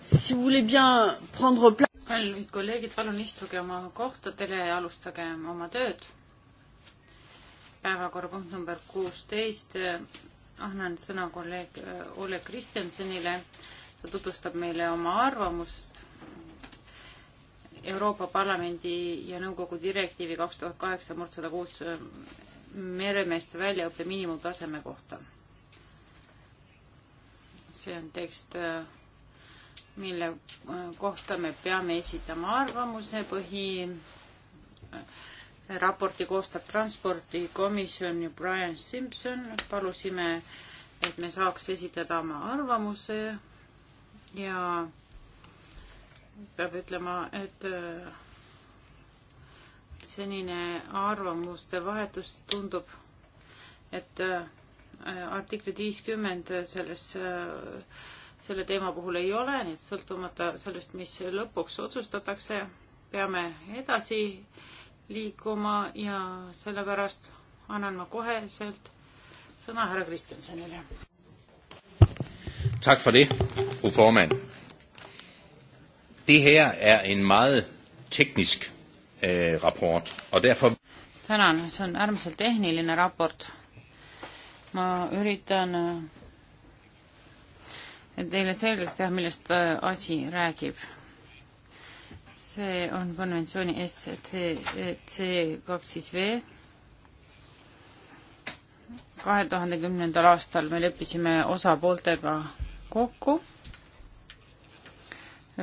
si vous voulez bien prendre place. kallid kolleegid, palun istuge oma kohtadele ja alustage oma tööd. päevakorrapunkt number kuusteist. annan sõna kolleeg äh, Oleg Kristjansonile. ta tutvustab meile oma arvamust Euroopa Parlamendi ja Nõukogu direktiivi kaks tuhat kaheksa murd sada kuus äh, meremeeste väljaõppe miinimumtaseme kohta. see on tekst äh, mille äh, kohta me peame esitama arvamuse. põhiraporti äh, koostab transpordikomisjon ja Brian Simson. palusime, et me saaks esitada oma arvamuse ja peab ütlema, et äh, senine arvamuste vahetus tundub, et artikli viiskümmend selles äh, selle teema puhul ei ole, nii et sõltumata sellest, mis lõpuks otsustatakse, peame edasi liikuma ja sellepärast annan ma koheselt sõna härra Kristjansonile. Tak for det, fru formand. Det her er en meget teknisk äh, rapport, og derfor... Tänan, see on äärmiselt tehniline raport. Ma üritan äh, teile selgeks teha, millest äh, asi räägib. see on konventsiooni STC kaks siis V. kahe tuhande kümnendal aastal me leppisime osapooltega kokku.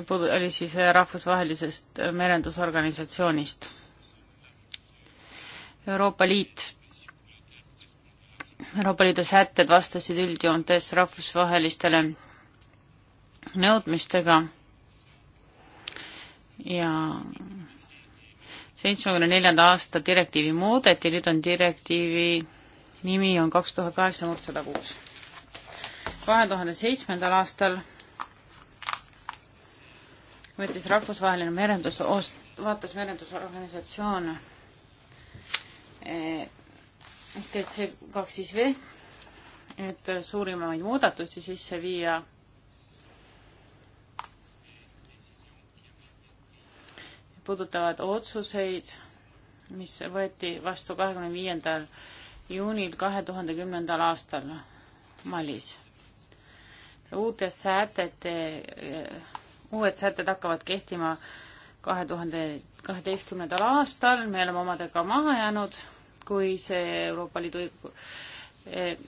oli siis rahvusvahelisest merendusorganisatsioonist. Euroopa Liit Euroopa Liidu sätted vastasid üldjoontes rahvusvahelistele nõudmistega ja seitsmekümne neljanda aasta direktiivi muudeti, nüüd on direktiivi nimi on kaks tuhat kaheksa murd sada kuus. kahe tuhande seitsmendal aastal võttis rahvusvaheline merendus, vaatas merendusorganisatsioon DCC eh, kaks siis V, et suurimaid muudatusi sisse viia puudutavad otsuseid, mis võeti vastu kahekümne viiendal juunil kahe tuhande kümnendal aastal Malis. uute sätete, uued sätted hakkavad kehtima kahe tuhande kaheteistkümnendal aastal, me oleme omadega maha jäänud, kui see Euroopa Liidu eh,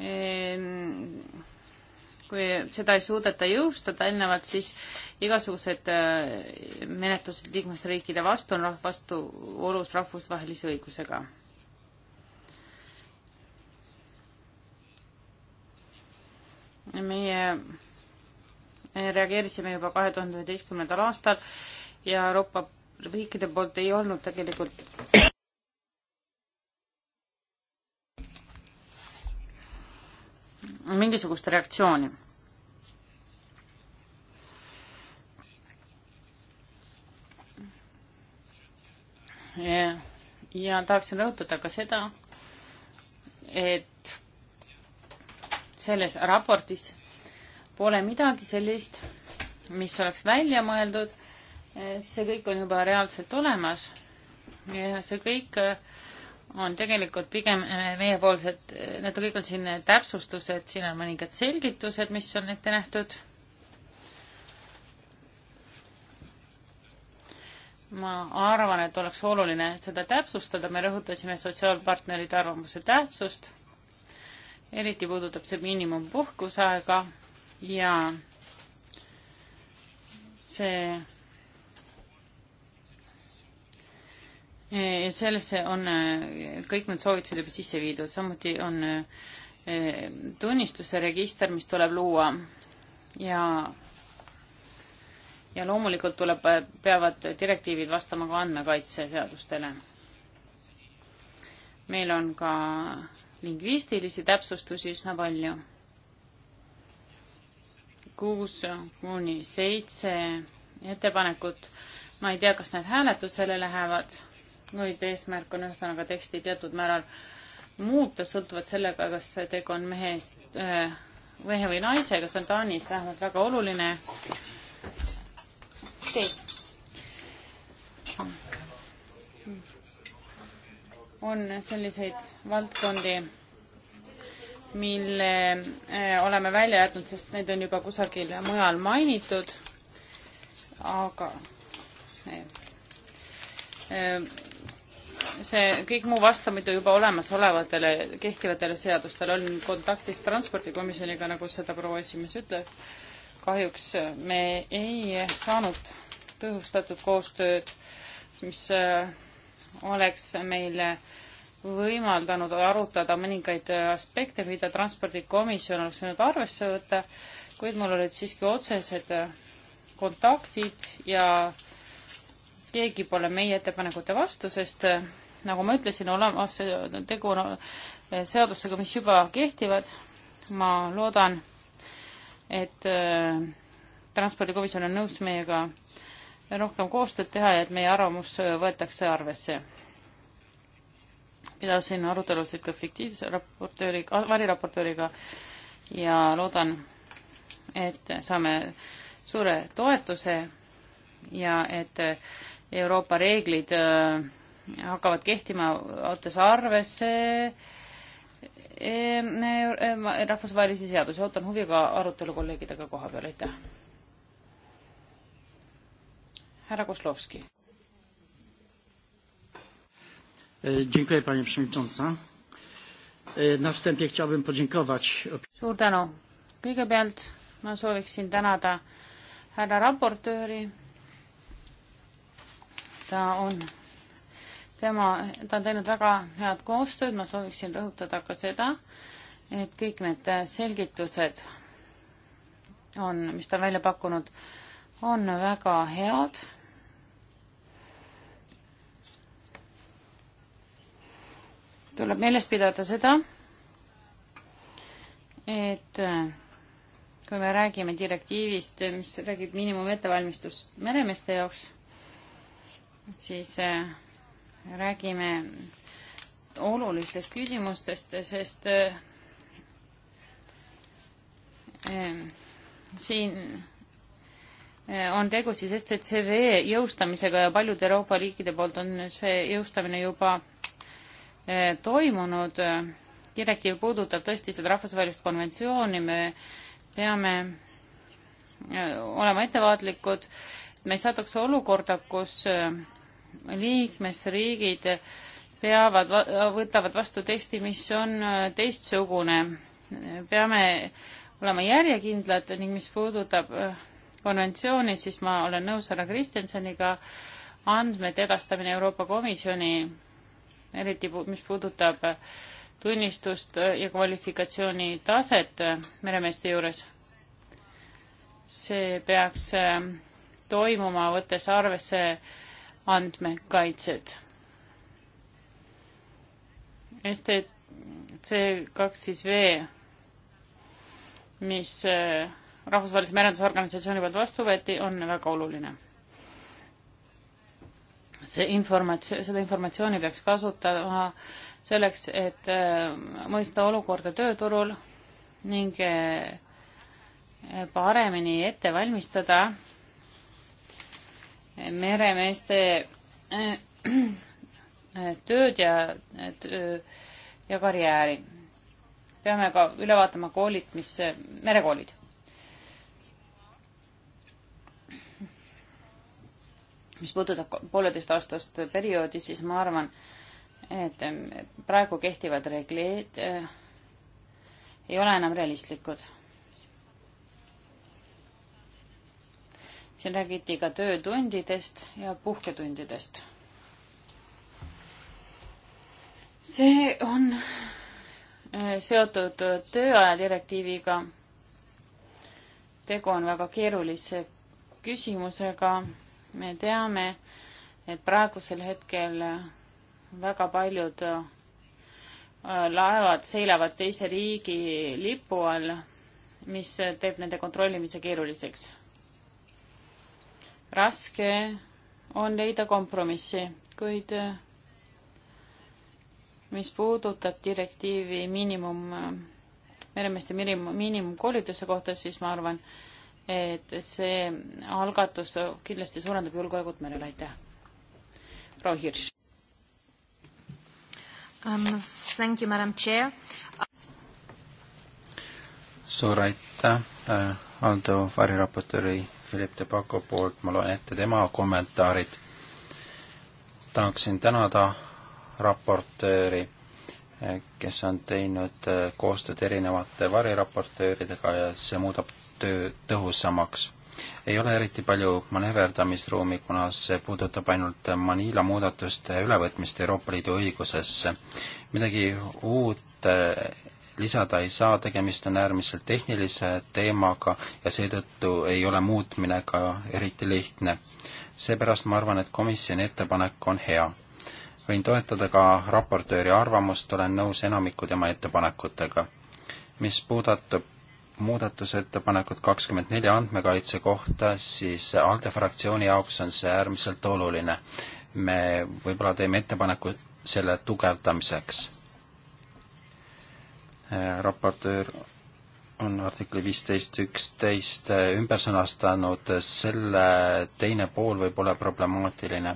eh, kui seda ei suudeta jõustada eelnevalt, siis igasugused äh, menetlused liikmesriikide vastu on vastuolus rahvusvahelise õigusega. meie reageerisime juba kahe tuhande üheteistkümnendal aastal ja Euroopa riikide poolt ei olnud tegelikult mingisugust reaktsiooni. ja, ja tahaksin rõhutada ka seda, et selles raportis pole midagi sellist, mis oleks välja mõeldud, et see kõik on juba reaalselt olemas ja see kõik äh, on tegelikult pigem äh, meiepoolsed, äh, need kõik on siin täpsustused, siin on mõningad selgitused, mis on ette nähtud. ma arvan, et oleks oluline seda täpsustada, me rõhutasime sotsiaalpartnerite arvamuse tähtsust, eriti puudutab see miinimumpuhkuseaega ja see Eh, sellesse on eh, kõik need soovitused juba sisse viidud, samuti on eh, tunnistuste register, mis tuleb luua ja ja loomulikult tuleb, peavad direktiivid vastama ka andmekaitseseadustele. meil on ka lingvistilisi täpsustusi üsna palju. kuus kuni seitse ettepanekut, ma ei tea, kas need hääletusele lähevad kuid eesmärk on ühesõnaga teksti teatud määral muuta, sõltuvalt sellega, kas tegu on mehest äh,, mehe või naisega, see on Taanis vähemalt väga oluline. on selliseid valdkondi, mille äh, oleme välja jätnud, sest need on juba kusagil mujal mainitud, aga äh, see kõik muu vastab muidu juba olemasolevatele kehtivatele seadustele. olin kontaktis transpordikomisjoniga, nagu seda proua esimees ütleb. kahjuks me ei saanud tõhustatud koostööd, mis äh, oleks meile võimaldanud arutada mõningaid aspekte, mida transpordikomisjon oleks võinud arvesse võtta, kuid mul olid siiski otsesed kontaktid ja keegi pole meie ettepanekute vastu, sest nagu ma ütlesin, olemas, tegu on eh, seadustega, mis juba kehtivad. ma loodan, et eh, transpordikomisjon on nõus meiega rohkem koostööd teha ja et meie arvamus võetakse arvesse. pidasin arutelusid ka fiktiivse raportööri, variraportööriga ja loodan, et saame suure toetuse ja et Euroopa reeglid äh, hakkavad kehtima, võttes arvesse e, e, e, rahvusvahelisi seadusi. ootan huviga arutelu kolleegidega koha peal, aitäh. härra Kozlovski. Dziękuję Pani Przewodnicząca. Na wstępie chciałbym podziękować. Suur tänu. Kõigepealt ma sooviksin tänada härra raportööri. Ta on tema, ta on teinud väga head koostööd, ma sooviksin rõhutada ka seda, et kõik need selgitused on, mis ta on välja pakkunud, on väga head. tuleb meeles pidada seda, et kui me räägime direktiivist, mis räägib miinimum ettevalmistust meremeeste jaoks, siis äh, räägime olulistest küsimustest, sest eh, eh, siin eh, on tegu siis STCV jõustamisega ja paljude Euroopa riikide poolt on see jõustamine juba toimunud. direktiiv puudutab tõesti seda rahvusvahelist konventsiooni, me peame olema ettevaatlikud, et me ei satuks olukorda, kus liikmesriigid peavad, võtavad vastu teksti, mis on äh, teistsugune. peame olema järjekindlad ning mis puudutab äh, konventsiooni, siis ma olen nõus härra Kristjansoniga, andmete edastamine Euroopa Komisjoni, eriti mis puudutab äh, tunnistust ja kvalifikatsiooni taset meremeeste juures, see peaks toimuma, võttes arvesse äh, andmekaitset. STC kaks siis V, mis äh, rahvusvahelise merendusorganisatsiooni poolt vastu võeti, on väga oluline. see informatsioon, seda informatsiooni peaks kasutama selleks, et äh, mõista olukorda tööturul ning äh, paremini ette valmistada meremeeste äh, tööd ja töö ja karjääri. peame ka üle vaatama koolid, mis, äh, merekoolid. mis puudutab pooleteistaastast perioodi, siis ma arvan, et praegu kehtivad reeglid äh, ei ole enam realistlikud siin räägiti ka töötundidest ja puhketundidest. see on äh, seotud tööaja direktiiviga. tegu on väga keerulise küsimusega. me teame, et praegusel hetkel väga paljud äh, laevad seilavad teise riigi lipu all, mis teeb nende kontrollimise keeruliseks raske on leida kompromissi, kuid äh, mis puudutab direktiivi miinimum, äh, meremeeste miinimumkoolituse kohta, siis ma arvan, et see algatus kindlasti suurendab julgeolekut merel, aitäh. proua Hirš um,. Thank you, madam chair. suur aitäh äh,, Aldo Fari raportööri Philip de Paco poolt, ma loen ette tema kommentaarid. tahaksin tänada raportööri, kes on teinud eh, koostööd erinevate variraportööridega ja see muudab töö tõhusamaks. ei ole eriti palju manööverdamisruumi, kuna see puudutab ainult Manila muudatuste ülevõtmist Euroopa Liidu õigusesse. midagi uut eh, lisada ei saa, tegemist on äärmiselt tehnilise teemaga ja seetõttu ei ole muutmine ka eriti lihtne. seepärast ma arvan, et komisjoni ettepanek on hea. võin toetada ka raportööri arvamust, olen nõus enamiku tema ettepanekutega. mis puudutab muudatusettepanekut kakskümmend neli andmekaitse kohta, siis ALDE fraktsiooni jaoks on see äärmiselt oluline. me võib-olla teeme ettepaneku selle tugevdamiseks Äh, raportöör on artikli viisteist üksteist äh, ümber sõnastanud, äh, selle teine pool võib olla problemaatiline.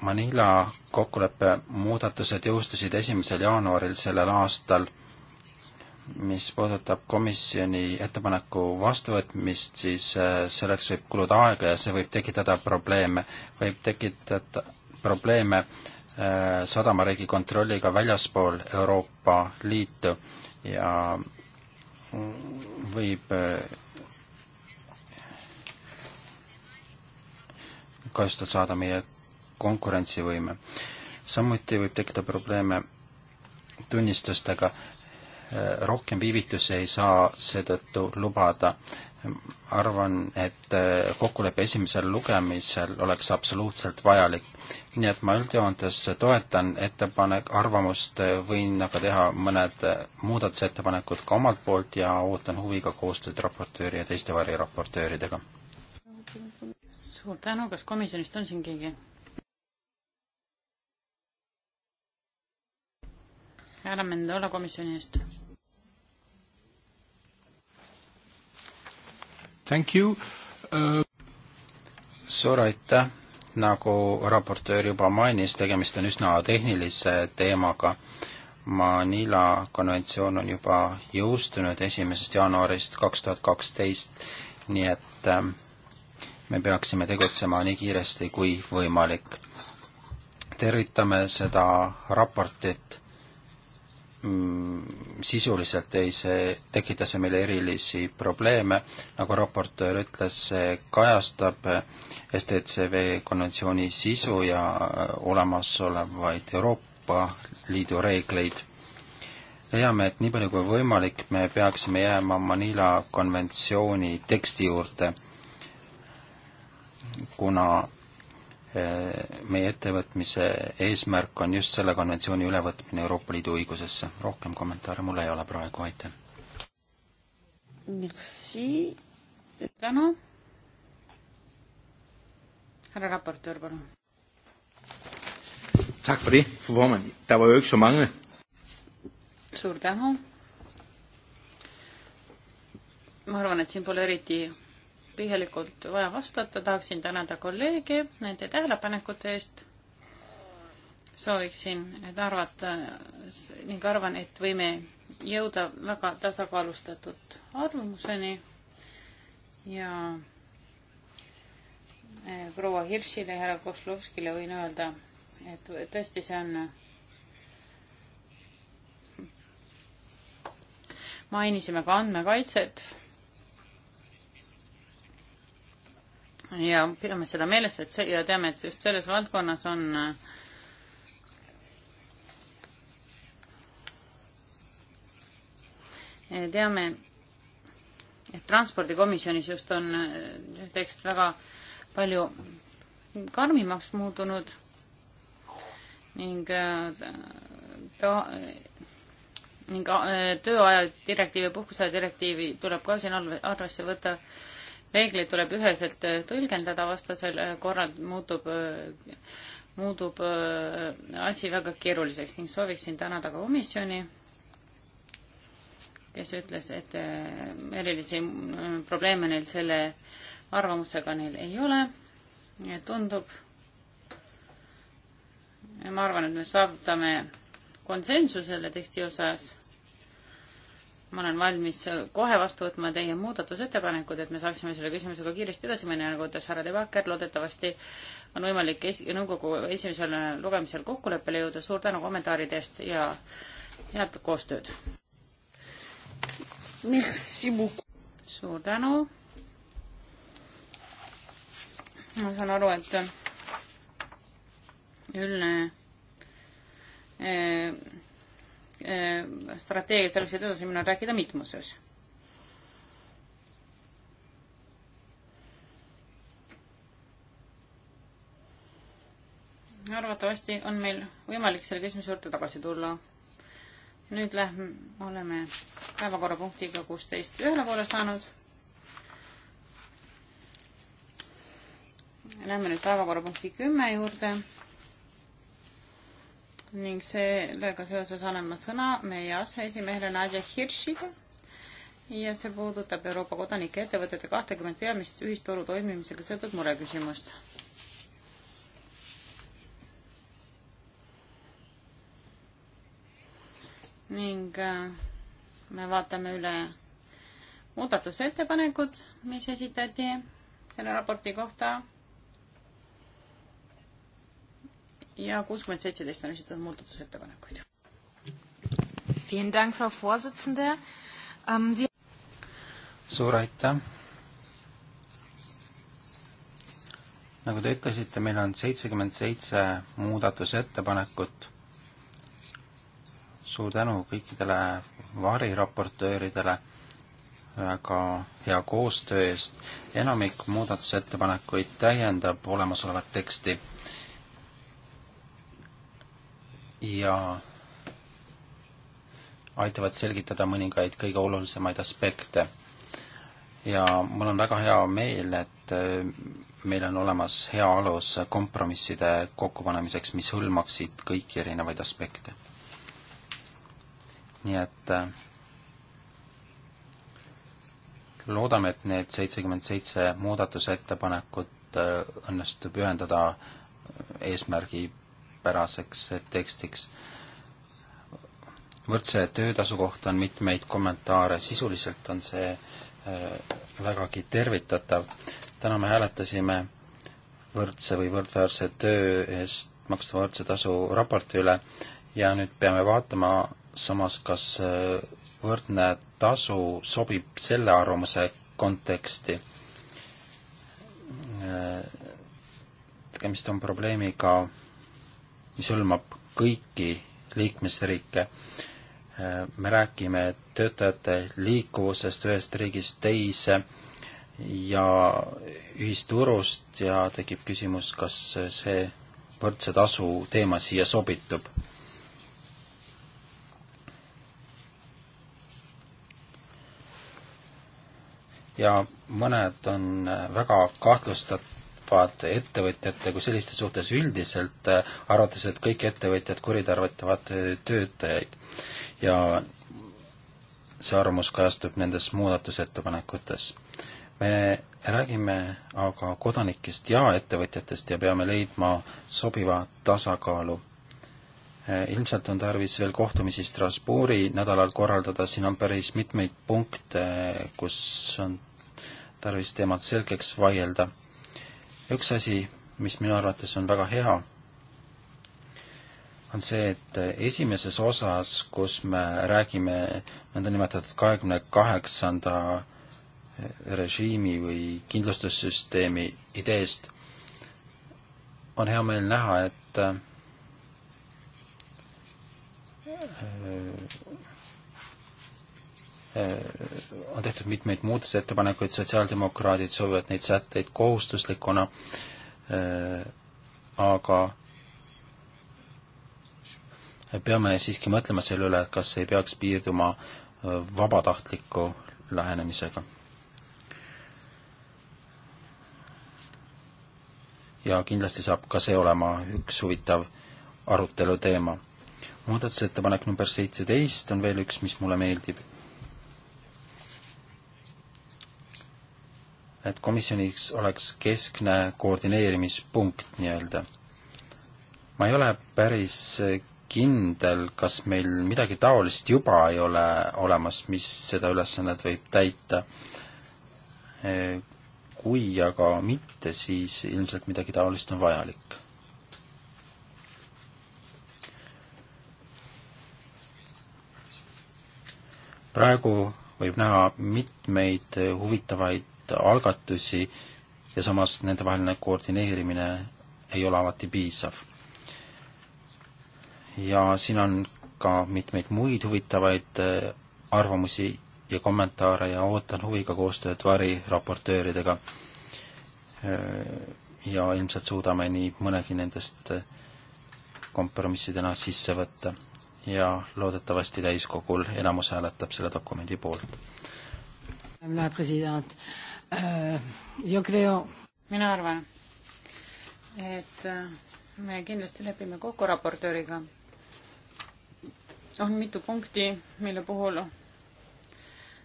Manila kokkuleppe muudatused jõustusid esimesel jaanuaril sellel aastal, mis puudutab komisjoni ettepaneku vastuvõtmist, siis selleks võib kuluda aega ja see võib tekitada probleeme, võib tekitada probleeme äh, Äh, sadamariigi kontrolliga väljaspool Euroopa Liitu ja võib äh, kahjustada saada meie konkurentsivõime. samuti võib tekkida probleeme tunnistustega, äh, rohkem viivitusi ei saa seetõttu lubada arvan, et äh, kokkulepe esimesel lugemisel oleks absoluutselt vajalik. nii et ma üldjoontes toetan ettepanek, arvamust, äh, võin aga teha mõned äh, muudatusettepanekud ka omalt poolt ja ootan huviga koostööd raportööri ja teiste variraportööridega. suur tänu, kas komisjonist on siin keegi? härra Mendola komisjoni eest Thank you uh.... suur aitäh, nagu raportöör juba mainis, tegemist on üsna tehnilise teemaga. Manila konventsioon on juba jõustunud esimesest jaanuarist kaks tuhat kaksteist, nii et äh, me peaksime tegutsema nii kiiresti kui võimalik. tervitame seda raportit Mm, sisuliselt ei see, tekita see meile erilisi probleeme, nagu raportöör ütles, see kajastab STCW konventsiooni sisu ja olemasolevaid Euroopa Liidu reegleid. leiame, et nii palju kui võimalik, me peaksime jääma Manila konventsiooni teksti juurde, kuna meie ettevõtmise eesmärk on just selle konventsiooni ülevõtmine Euroopa Liidu õigusesse. rohkem kommentaare mul ei ole praegu, aitäh. Merci. tänu. härra raportöör, palun. Tak for det, fru formand. Der var jo ikke så mange. Suur tänu. ma arvan, et siin pole eriti põhjalikult vaja vastata, tahaksin tänada kolleege nende tähelepanekute eest. sooviksin arvata ning arvan, et võime jõuda väga tasakaalustatud arvamuseni ja eh, proua Hirschile ja härra Kozlovskile võin öelda, et tõesti, see on mainisime ka andmekaitset ja pidame seda meeles, et see ja teame, et just selles valdkonnas on äh, teame, et transpordikomisjonis just on äh, tekst väga palju karmimaks muutunud ning äh, ta ning tööaja direktiivi ja puhkuseaja direktiivi tuleb ka siin arvesse võtta reegleid tuleb üheselt äh, tõlgendada, vastasel äh, korral muutub, äh, muutub asi väga keeruliseks ning sooviksin tänada ka komisjoni, kes ütles, et erilisi probleeme neil selle arvamusega neil ei ole. tundub, ma arvan, et me saavutame konsensuse selle teksti osas ma olen valmis kohe vastu võtma teie muudatusettepanekud, et me saaksime selle küsimusega kiiresti edasi minna, nagu ütles härra De Backer, loodetavasti on võimalik es-, nõukogu esimesel lugemisel kokkuleppele jõuda, suur tänu kommentaaride eest ja head koostööd! suur tänu! ma saan aru, et üldne eh, Äh, strateegia selleks, et edasi minna, on rääkida mitmuses. arvatavasti on meil võimalik selle küsimuse juurde tagasi tulla. nüüd lähme, oleme päevakorrapunktiga kuusteist ühele poole saanud. Lähme nüüd päevakorrapunkti kümme juurde ning sellega seoses annan ma sõna meie aseesimehele Nadja Hirschile ja see puudutab Euroopa kodanike ettevõtete kahtekümmet peamist ühisturu toimimisega seotud mureküsimust. ning äh, me vaatame üle muudatusettepanekud, mis esitati selle raporti kohta ja kuuskümmend seitseteist on esitatud muudatusettepanekuid. Ähm, suur aitäh. nagu te ütlesite, meil on seitsekümmend seitse muudatusettepanekut. suur tänu kõikidele variraportööridele väga hea koostöö eest. enamik muudatusettepanekuid täiendab olemasolevat teksti ja aitavad selgitada mõningaid kõige olulisemaid aspekte. ja mul on väga hea meel, et äh, meil on olemas hea alus kompromisside kokkupanemiseks, mis hõlmaksid kõiki erinevaid aspekte. nii et äh, loodame, et need seitsekümmend seitse muudatusettepanekut äh, õnnestub ühendada eesmärgi päraseks tekstiks. võrdse töötasu kohta on mitmeid kommentaare, sisuliselt on see äh, vägagi tervitatav. täna me hääletasime võrdse või võrdväärse töö eest makstava võrdse tasu raporti üle ja nüüd peame vaatama samas, kas äh, võrdne tasu sobib selle arvamuse konteksti. Äh, tegemist on probleemiga, mis hõlmab kõiki liikmesriike. me räägime töötajate liikuvusest ühest riigist teise ja ühisturust ja tekib küsimus, kas see võrdse tasu teema siia sobitub. ja mõned on väga kahtlustatud kehvad ettevõtjate kui selliste suhtes üldiselt, äh, arvates, et kõik ettevõtjad kuritarvitavad äh, töötajaid. ja see arvamus kajastub nendes muudatusettepanekutes. me räägime aga kodanikest ja ettevõtjatest ja peame leidma sobiva tasakaalu. Äh, ilmselt on tarvis veel kohtumisi Strasbourgi nädalal korraldada, siin on päris mitmeid punkte, kus on tarvis teemat selgeks vaielda üks asi, mis minu arvates on väga hea, on see, et esimeses osas, kus me räägime nõndanimetatud kahekümne kaheksanda režiimi või kindlustussüsteemi ideest, on hea meel näha, et Äh, on tehtud mitmeid muudatusettepanekuid, sotsiaaldemokraadid soovivad neid sätteid kohustuslikuna, äh, aga peame siiski mõtlema selle üle, et kas ei peaks piirduma äh, vabatahtliku lähenemisega. ja kindlasti saab ka see olema üks huvitav arutelu teema. muudatusettepanek number seitseteist on veel üks, mis mulle meeldib et komisjoniks oleks keskne koordineerimispunkt nii-öelda. ma ei ole päris kindel, kas meil midagi taolist juba ei ole olemas, mis seda ülesannet võib täita. kui aga mitte, siis ilmselt midagi taolist on vajalik. praegu võib näha mitmeid huvitavaid algatusi ja samas nendevaheline koordineerimine ei ole alati piisav. ja siin on ka mitmeid muid huvitavaid äh, arvamusi ja kommentaare ja ootan huviga koostööd variraportööridega. Äh, ja ilmselt suudame nii mõnegi nendest äh, kompromissidena sisse võtta ja loodetavasti täiskogul enamus hääletab selle dokumendi poolt. Yo creo... mina arvan, et äh, me kindlasti lepime kokku raportööriga. on mitu punkti, mille puhul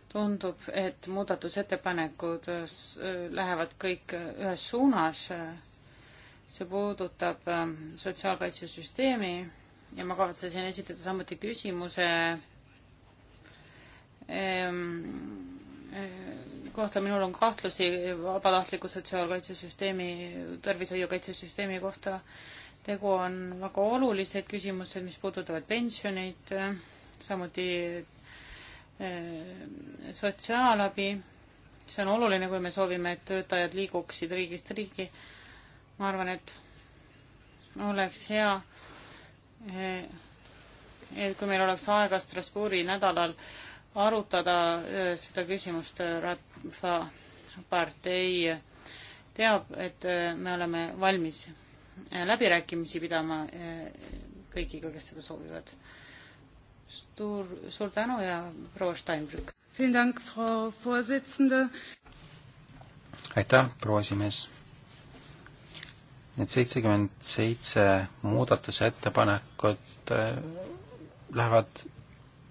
tundub, et muudatusettepanekud äh, lähevad kõik ühes suunas. see puudutab äh, sotsiaalkaitsesüsteemi ja ma kavatsesin esitada samuti küsimuse ähm, kohta minul on kahtlusi vabatahtliku sotsiaalkaitsesüsteemi, tervishoiukaitsesüsteemi kohta. tegu on väga olulised küsimused, mis puudutavad pensioneid, samuti eh, sotsiaalabi. see on oluline, kui me soovime, et töötajad liiguksid riigist riigi. ma arvan, et oleks hea, eh, et kui meil oleks aega Strasbourgi nädalal äh, arutada äh, seda küsimust äh, Rahvapartei äh, teab, et me oleme valmis läbirääkimisi pidama kõigiga, kes seda soovivad. suur, suur tänu ja proua Steinbrück. aitäh, proua esimees. Need seitsekümmend seitse muudatusettepanekut lähevad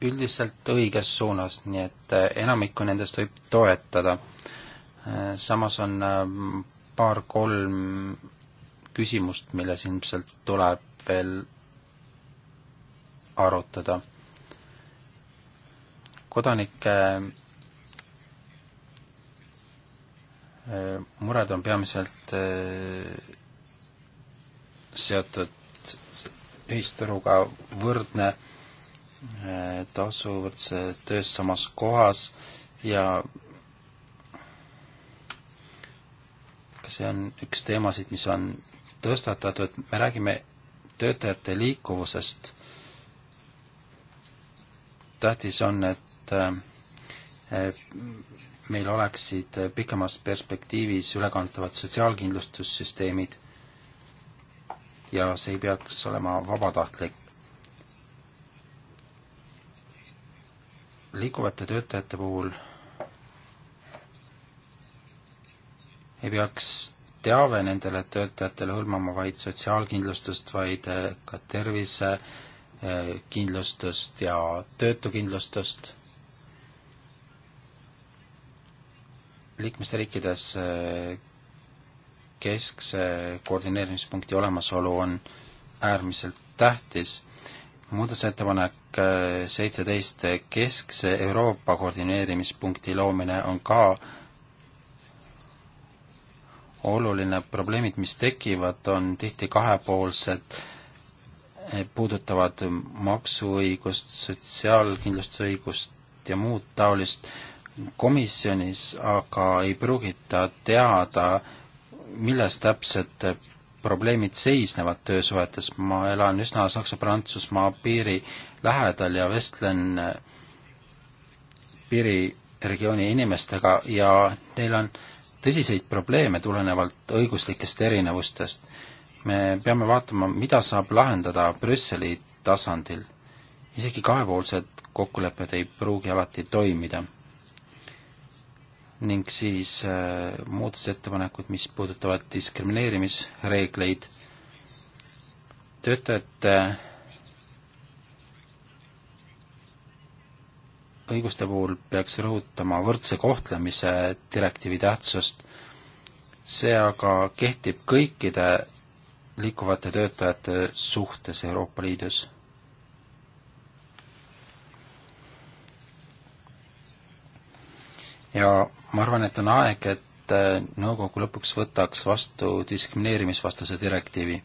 üldiselt õiges suunas, nii et äh, enamikku nendest võib toetada. Äh, samas on äh, paar-kolm küsimust, milles ilmselt tuleb veel arutada. kodanike mured on peamiselt seotud ühisturuga võrdne et äh, asuvad töös samas kohas ja see on üks teemasid, mis on tõstatatud, me räägime töötajate liikuvusest. tähtis on, et äh, meil oleksid pikemas perspektiivis ülekantavad sotsiaalkindlustussüsteemid ja see ei peaks olema vabatahtlik liikuvate töötajate puhul ei peaks teave nendele töötajatele hõlmama vaid sotsiaalkindlustust, vaid eh, ka tervisekindlustust eh, ja töötukindlustust. liikmesriikides eh, keskse koordineerimispunkti olemasolu on äärmiselt tähtis muudatusettepanek äh, seitseteist, äh, keskse Euroopa koordineerimispunkti loomine on ka oluline, probleemid, mis tekivad, on tihti kahepoolsed, äh, puudutavad maksuõigust, sotsiaalkindlustusõigust ja muud taolist, komisjonis aga ei pruugita teada, milles täpselt probleemid seisnevad töösuhetes, ma elan üsna Saksa-Prantsusmaa piiri lähedal ja vestlen äh, piiriregiooni inimestega ja neil on tõsiseid probleeme tulenevalt õiguslikest erinevustest. me peame vaatama, mida saab lahendada Brüsseli tasandil. isegi kahepoolsed kokkulepped ei pruugi alati toimida ning siis äh, muudatusettepanekud, mis puudutavad diskrimineerimisreegleid, töötajate õiguste puhul peaks rõhutama võrdse kohtlemise direktiivi tähtsust, see aga kehtib kõikide liikuvate töötajate suhtes Euroopa Liidus ja ma arvan, et on aeg, et äh, nõukogu lõpuks võtaks vastu diskrimineerimisvastase direktiivi.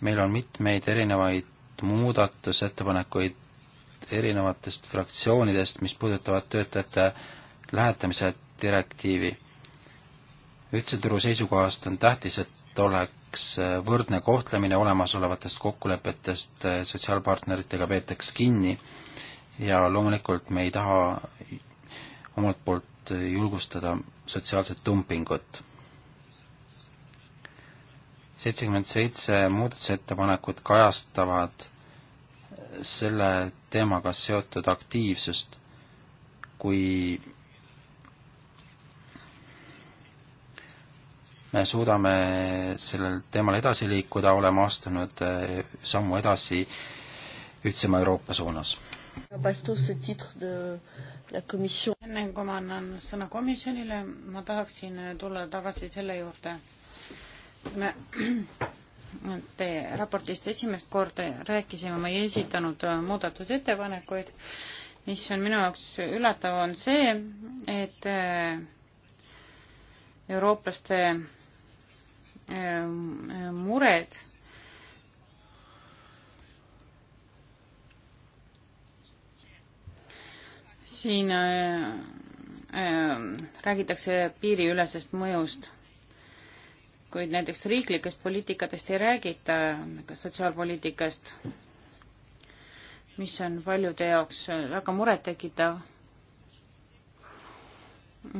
meil on mitmeid erinevaid muudatusettepanekuid erinevatest fraktsioonidest, mis puudutavad töötajate lähetamise direktiivi. ühtse turu seisukohast on tähtis, et oleks äh, võrdne kohtlemine olemasolevatest kokkulepetest äh, sotsiaalpartneritega peetaks kinni ja loomulikult me ei taha omalt poolt julgustada sotsiaalset dumpingut. seitsekümmend seitse muudatusettepanekut kajastavad selle teemaga seotud aktiivsust, kui me suudame sellel teemal edasi liikuda, oleme astunud eh, sammu edasi ühtsema Euroopa suunas enne kui ma annan sõna komisjonile, ma tahaksin tulla tagasi selle juurde. me te raportist esimest korda rääkisime, ma ei esitanud muudatusettepanekuid, mis on minu jaoks üllatav, on see, et äh, eurooplaste äh, mured siin äh, äh, räägitakse piiriülesest mõjust, kuid näiteks riiklikest poliitikatest ei räägita, ka sotsiaalpoliitikast, mis on paljude jaoks väga murettekitav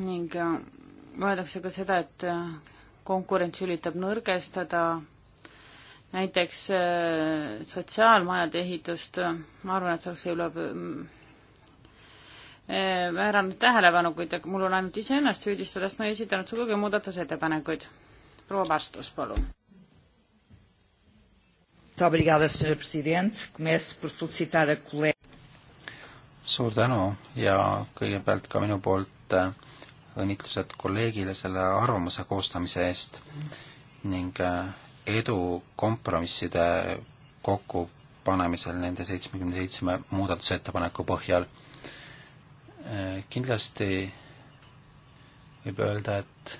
ning vaadatakse äh, ka seda, et äh, konkurents üritab nõrgestada näiteks äh, sotsiaalmajade ehitust, ma arvan, et see oleks võib-olla Eh, määranud tähelepanu, kuid mul on ainult iseennast süüdistada, sest ma ei esitanud sugugi muudatusettepanekuid. proua vastus, palun. suur tänu ja kõigepealt ka minu poolt eh, õnnitlused kolleegile selle arvamuse koostamise eest ning eh, edu kompromisside kokkupanemisel nende seitsmekümne seitsme muudatusettepaneku põhjal Äh, kindlasti võib öelda, et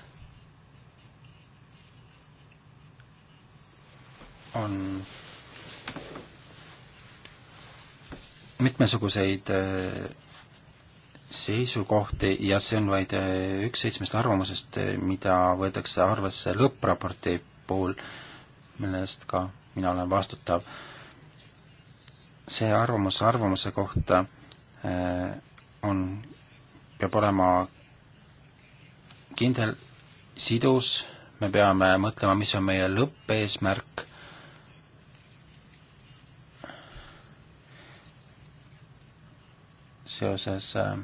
on mitmesuguseid äh, seisukohti ja see on vaid äh, üks seitsmest arvamusest, mida võetakse arvesse lõppraporti puhul, mille eest ka mina olen vastutav. see arvamus arvamuse kohta äh, on, peab olema kindel, sidus, me peame mõtlema, mis on meie lõppeesmärk seoses äh,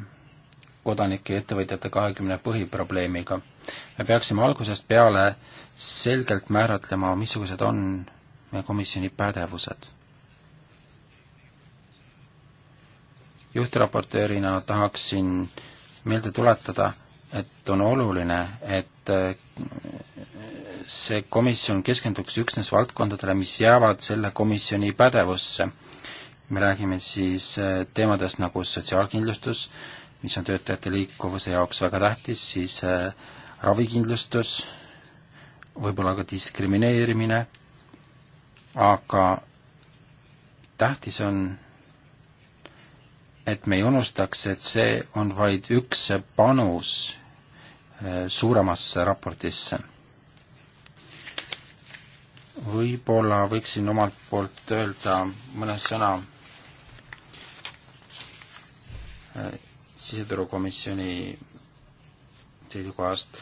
kodanike ja ettevõtjate kahekümne põhiprobleemiga. me peaksime algusest peale selgelt määratlema, missugused on meie komisjoni pädevused juhtraportöörina tahaksin meelde tuletada, et on oluline, et äh, see komisjon keskenduks üksnes valdkondadele, mis jäävad selle komisjoni pädevusse. me räägime siis äh, teemadest nagu sotsiaalkindlustus, mis on töötajate liikuvuse jaoks väga tähtis, siis äh, ravikindlustus, võib-olla ka diskrimineerimine, aga tähtis on et me ei unustaks, et see on vaid üks panus äh, suuremasse raportisse. võib-olla võiksin omalt poolt öelda mõne sõna äh, siseturukomisjoni seisukohast.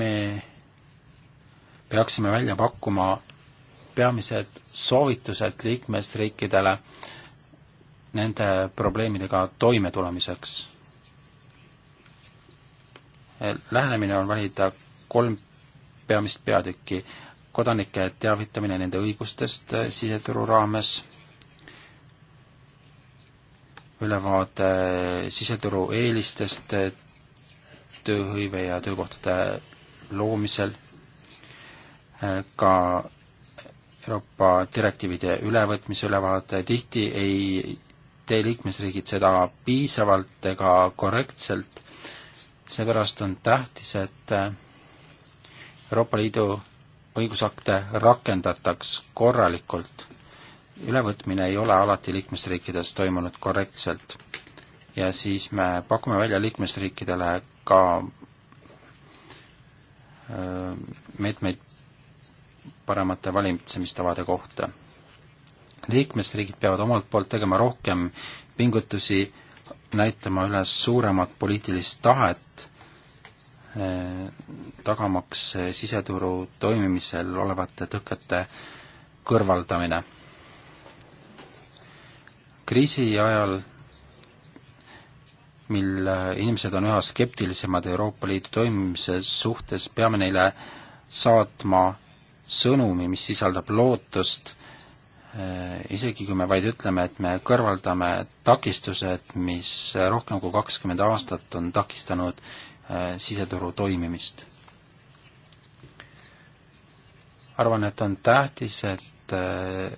me peaksime välja pakkuma peamised soovitused liikmesriikidele äh, nende probleemidega toimetulemiseks. Eh, lähenemine on valida kolm peamist peatükki, kodanike teavitamine nende õigustest eh, siseturu raames, ülevaade siseturu eelistest eh, tööhõive ja töökohtade loomisel, ka Euroopa direktiivide ülevõtmise ülevaate, tihti ei tee liikmesriigid seda piisavalt ega korrektselt, seepärast on tähtis, et Euroopa Liidu õigusakte rakendataks korralikult. ülevõtmine ei ole alati liikmesriikides toimunud korrektselt. ja siis me pakume välja liikmesriikidele ka äh, meetmeid paremate valitsemistavade kohta liikmesriigid peavad omalt poolt tegema rohkem pingutusi, näitama üles suuremat poliitilist tahet, eh, tagamaks eh, siseturu toimimisel olevate tõkete kõrvaldamine. kriisi ajal, mil eh, inimesed on üha skeptilisemad Euroopa Liidu toimimise suhtes, peame neile saatma sõnumi, mis sisaldab lootust Äh, isegi kui me vaid ütleme, et me kõrvaldame takistused, mis rohkem kui kakskümmend aastat on takistanud äh, siseturu toimimist. arvan, et on tähtis, et äh,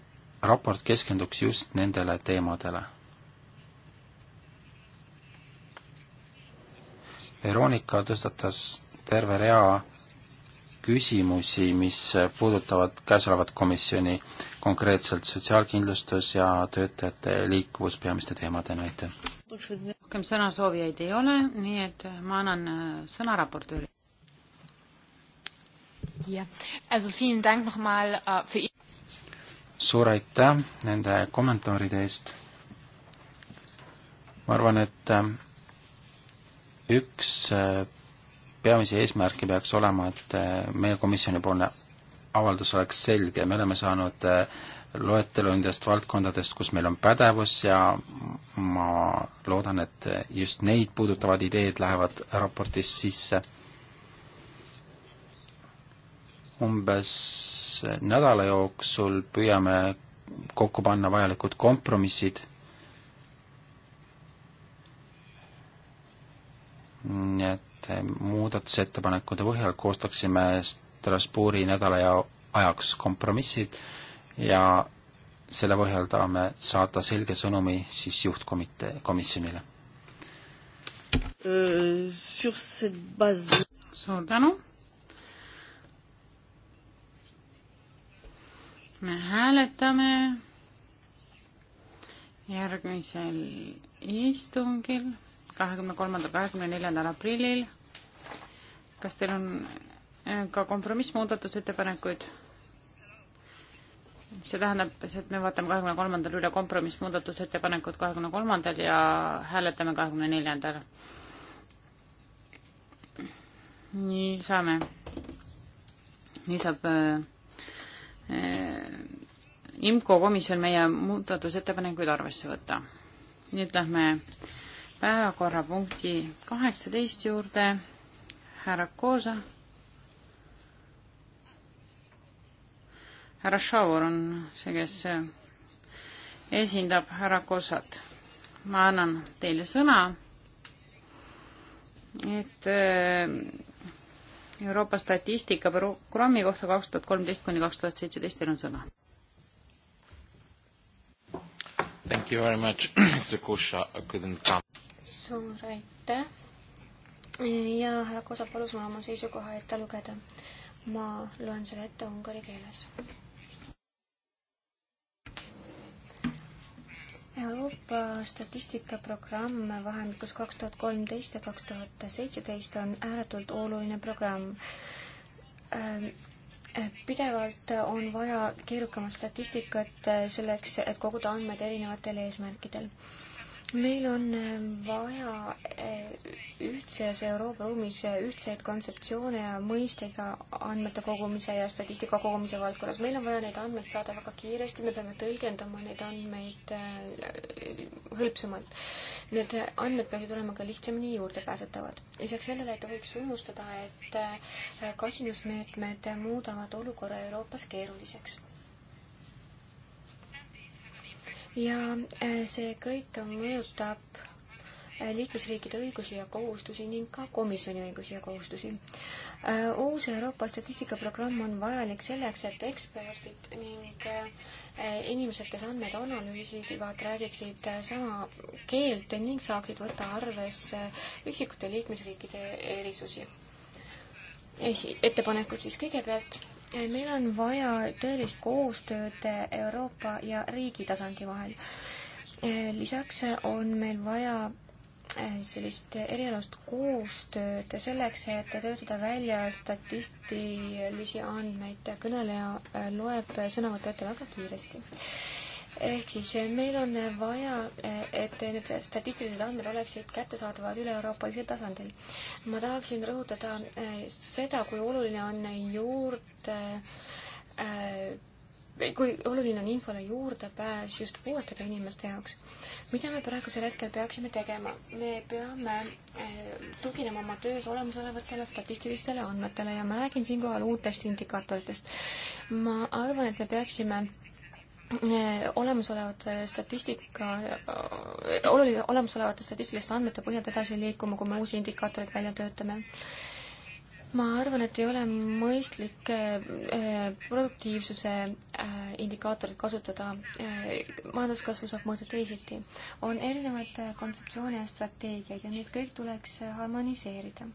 raport keskenduks just nendele teemadele. Veronika tõstatas terve rea küsimusi, mis puudutavad käesolevat komisjoni, konkreetselt sotsiaalkindlustus ja töötajate liikuvus peamiste teemadena, aitäh! rohkem sõnasoovijaid ei ole, nii et ma annan äh, sõna raportöörile. Äh, suur aitäh nende kommentaaride eest! ma arvan, et äh, üks peamisi eesmärke peaks olema, et eh, meie komisjonipoolne avaldus oleks selge, me oleme saanud eh, loetelu nendest valdkondadest, kus meil on pädevus ja ma loodan, et just neid puudutavad ideed lähevad raportis sisse. umbes nädala jooksul püüame kokku panna vajalikud kompromissid nii et et muudatusettepanekute põhjal koostaksime Strasbourgi nädala ja ajaks kompromissid ja selle põhjal tahame saata selge sõnumi siis juhtkomitee, komisjonile. suur tänu. me hääletame järgmisel istungil kahekümne kolmandal, kahekümne neljandal aprillil. kas teil on äh, ka kompromissmuudatusettepanekuid? see tähendab, et me vaatame kahekümne kolmandal üle kompromissmuudatusettepanekud kahekümne kolmandal ja hääletame kahekümne neljandal. nii saame, nii saab äh, äh, IMCO komisjon meie muudatusettepanekuid arvesse võtta. nüüd lähme äh, päevakorrapunkti kaheksateist juurde. härra Koosa. härra Šaur on see, kes äh, esindab härra Koosat. ma annan teile sõna, et äh, Euroopa statistika programmi kohta kaks tuhat kolmteist kuni kaks tuhat seitseteist, teil on sõna Thank you very much, Mr Kusha, I couldn't come. suur aitäh ja härra Kosa palus mul oma seisukoha ette lugeda. ma loen selle ette ungari keeles. Euroopa statistikaprogramm vahemikus kaks tuhat kolmteist ja kaks tuhat seitseteist on ääretult oluline programm pidevalt on vaja keerukamat statistikat selleks, et koguda andmeid erinevatel eesmärkidel meil on äh, vaja äh, ühtses Euroopa ruumis äh, ühtseid kontseptsioone ja mõisteid andmete kogumise ja statistika kogumise valdkonnas. meil on vaja neid andmeid saada väga kiiresti, me peame tõlgendama neid andmeid hõlpsamalt. Need andmed peaksid olema ka lihtsamini juurdepääsetavad. lisaks sellele ei tohiks unustada, et kasinusmeetmed muudavad olukorra Euroopas keeruliseks ja äh, see kõik mõjutab äh, liikmesriikide õigusi ja kohustusi ning ka komisjoni õigusi ja kohustusi. Äh, uus Euroopa statistikaprogramm on vajalik selleks, et eksperdid ning inimesed, kes andmeid analüüsivad, räägiksid sama keelt ning saaksid võtta arvesse üksikute liikmesriikide erisusi. esi, ettepanekud siis kõigepealt meil on vaja tõelist koostööd Euroopa ja riigi tasandi vahel. lisaks on meil vaja sellist erialast koostööd selleks, et töötada välja statistilisi andmeid. kõneleja loeb sõnavõttu ette väga kiiresti ehk siis eh, meil on eh, vaja, eh, et need statistilised andmed oleksid kättesaadavad üle-euroopalisel tasandil. ma tahaksin rõhutada seda, kui oluline on juurde kui oluline on infole juurdepääs just puuetega inimeste jaoks. mida me praegusel hetkel peaksime tegema? me peame tuginema oma töös olemasolevatele statistilistele andmetele ja ma räägin siinkohal uutest indikaatoritest. ma arvan, et me peaksime olemasolevate statistika, olulise, olemasolevate statistiliste andmete põhjalt edasi liikuma, kui me uusi indikaatoreid välja töötame. ma arvan, et ei ole mõistlik äh, produktiivsuse äh, indikaatorit kasutada, äh, majanduskasvu saab mõõta teisiti. on erinevaid kontseptsioone ja strateegiaid ja need kõik tuleks harmoniseerida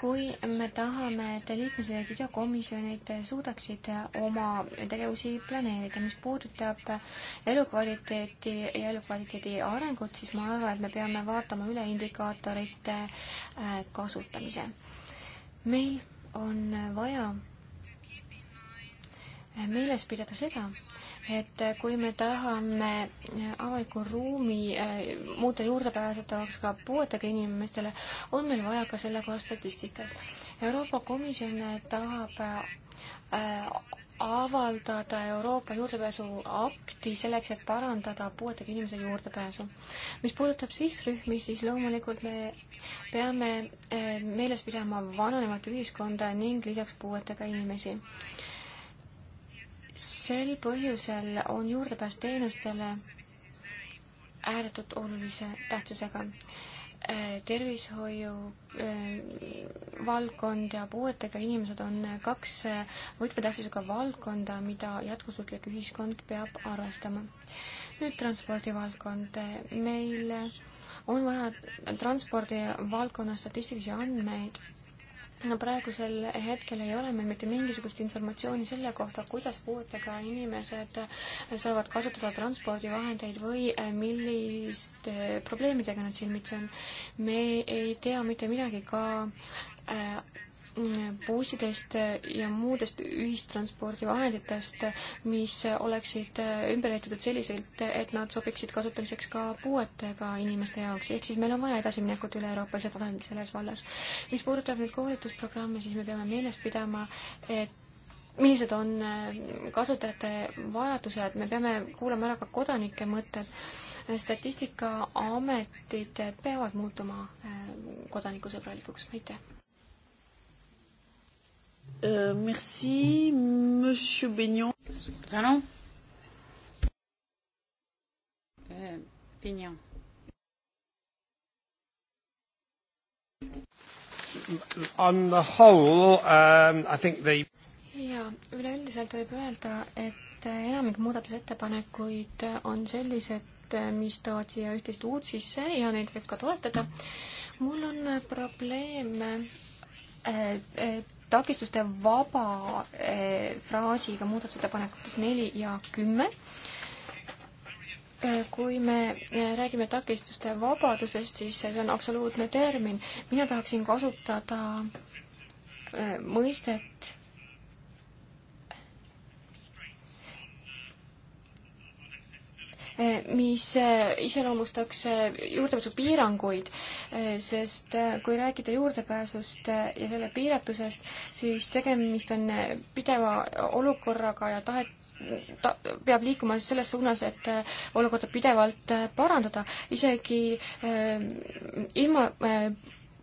kui me tahame, et liikmesriigid ja komisjonid suudaksid oma tegevusi planeerida. mis puudutab elukvaliteeti ja elukvaliteedi arengut, siis ma arvan, et me peame vaatama üle indikaatorite äh, kasutamise. meil on vaja äh, meeles pidada seda, et kui me tahame avaliku ruumi äh, muuta juurdepääsetavaks ka puuetega inimestele, on meil vaja ka sellekohast statistikat. Euroopa Komisjon tahab äh, avaldada Euroopa juurdepääsuakti selleks, et parandada puuetega inimese juurdepääsu. mis puudutab sihtrühmi, siis loomulikult me peame äh, meeles pidama vananevat ühiskonda ning lisaks puuetega inimesi sel põhjusel on juurdepääs teenustele ääretult olulise tähtsusega äh, tervishoiu äh, valdkond ja puuetega inimesed on kaks äh, võtmetähtsusega valdkonda, mida jätkusuutlik ühiskond peab arvestama. nüüd transpordivaldkond. meil on vaja transpordivaldkonna statistilisi andmeid praegusel hetkel ei ole meil mitte mingisugust informatsiooni selle kohta, kuidas puuetega inimesed saavad kasutada transpordivahendeid või äh, milliste probleemidega nad silmitsi on. me ei tea mitte midagi ka äh, bussidest ja muudest ühistranspordivahenditest, mis oleksid ümber ehitatud selliselt, et nad sobiksid kasutamiseks ka puuetega inimeste jaoks, ehk siis meil on vaja edasiminekut üle-euroopalisel tasandil selles vallas. mis puudutab nüüd koolitusprogramme, siis me peame meeles pidama, et millised on äh, kasutajate vajadused, me peame kuulama ära ka kodanike mõtted. statistikaametid peavad muutuma äh, kodanikusõbralikuks, aitäh Uh, merci, monsieur Beignon. suur euh, tänu. Pignon. On the whole um,, I think the jaa, üleüldiselt võib öelda, et enamik muudatusettepanekuid on sellised, mis toovad siia üht-teist uut sisse ja neid võib ka toetada. mul on probleem äh, äh, takistuste vaba eh, fraasiga muudatusettepanekutes neli ja kümme. Eh, kui me eh, räägime takistuste vabadusest, siis see on absoluutne termin. mina tahaksin kasutada mõistet mis eh, iseloomustaks eh, juurdepääsupiiranguid, eh, sest kui rääkida juurdepääsust ja selle piiratusest, siis tegemist on pideva olukorraga ja tahet ta peab liikuma selles suunas, et olukorda pidevalt parandada, isegi ilma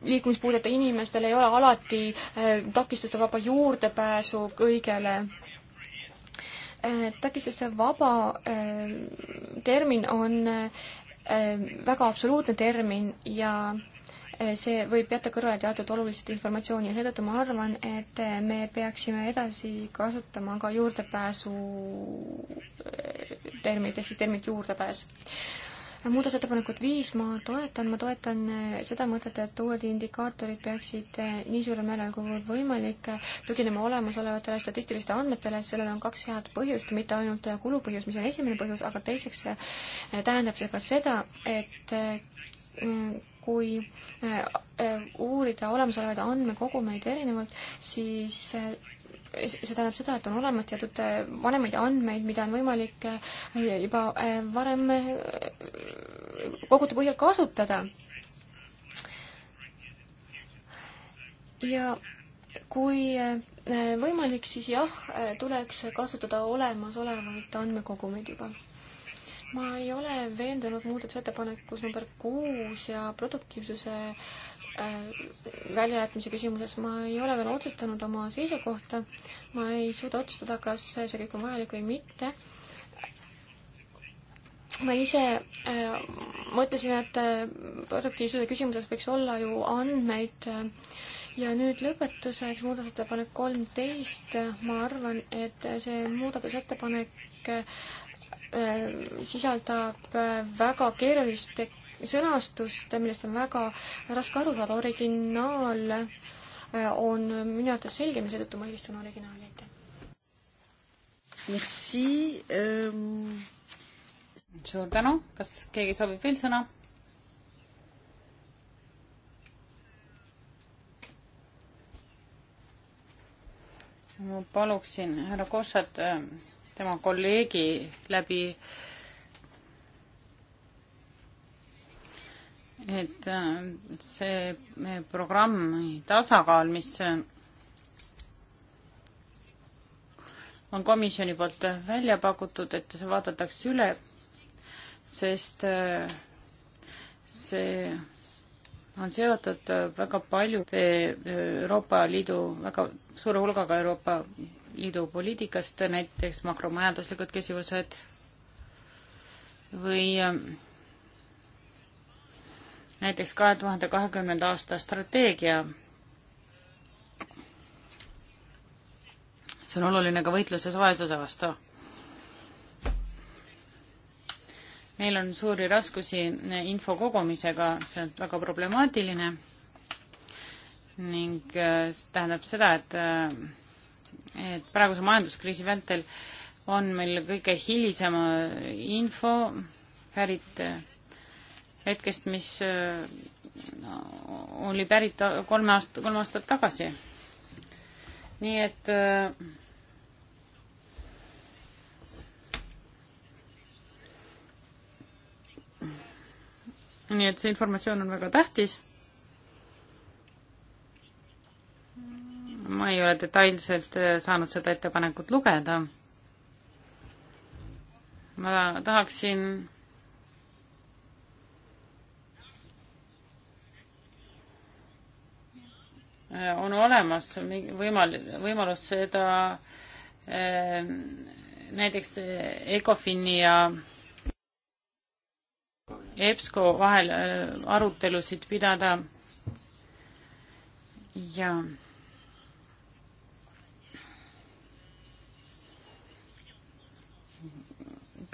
liikumispuudeta inimestel ei ole alati takistustevaba juurdepääsu kõigele takistuste vaba eh, termin on eh, väga absoluutne termin ja eh, see võib jätta kõrvale teatud olulist informatsiooni ja seetõttu ma arvan, et me peaksime edasi kasutama ka juurdepääsu terminit, ehk siis terminit juurdepääs muudatusettepanekut viis ma toetan, ma toetan eh, seda mõtet, et uued indikaatorid peaksid eh, nii suurel määral kui võimalik eh, tuginema olemasolevatele statistiliste andmetele, sellel on kaks head põhjust, mitte ainult kulupõhjus, mis on esimene põhjus, aga teiseks tähendab see ka seda, et mm, kui uurida olemasolevaid andmekogumeid erinevalt, siis see tähendab seda, et on olemas teatud äh, vanemaid andmeid, mida on võimalik äh, juba äh, varem kogude põhjal kasutada. ja kui võimalik, siis jah, tuleks kasutada olemasolevaid andmekogumeid juba. ma ei ole veendunud muudatusettepanekus number kuus ja produktiivsuse äh, Äh, väljajätmise küsimuses ma ei ole veel otsustanud oma seisukohta. ma ei suuda otsustada, kas see kõik on vajalik või mitte. ma ise äh, mõtlesin, et äh, produktiivsuse küsimuses võiks olla ju andmeid äh, ja nüüd lõpetuseks muudatusettepanek kolmteist, ma arvan, et see muudatusettepanek sisaldab väga keerulist sõnastust, millest on väga raske aru saada, originaal äh, on minu arvates selgem ja seetõttu ma eelistan originaali, aitäh. Merci ähm.... suur tänu, kas keegi soovib veel sõna? ma paluksin härra Kossat, äh, tema kolleegi läbi äh, et äh, see äh, programm tasakaal, mis äh, on komisjoni poolt välja pakutud, et see vaadatakse üle, sest see on seotud väga paljude Euroopa Liidu, väga suure hulgaga Euroopa Liidu poliitikast, näiteks makromajanduslikud küsimused või näiteks kahe tuhande kahekümnenda aasta strateegia. see on oluline ka võitluses vaesuse vastu. meil on suuri raskusi info kogumisega, see on väga problemaatiline ning äh, see tähendab seda, et äh, et praeguse majanduskriisi vältel on meil kõige hilisem info pärit äh, hetkest, mis äh, oli pärit kolme aasta, kolm aastat tagasi. nii et äh, nii et see informatsioon on väga tähtis. ma ei ole detailselt äh, saanud seda ettepanekut lugeda. ma tahaksin Äh, on olemas võimal-, võimalus seda äh, näiteks äh, ECOFIN-i ja EBSCO vahel arutelusid pidada ja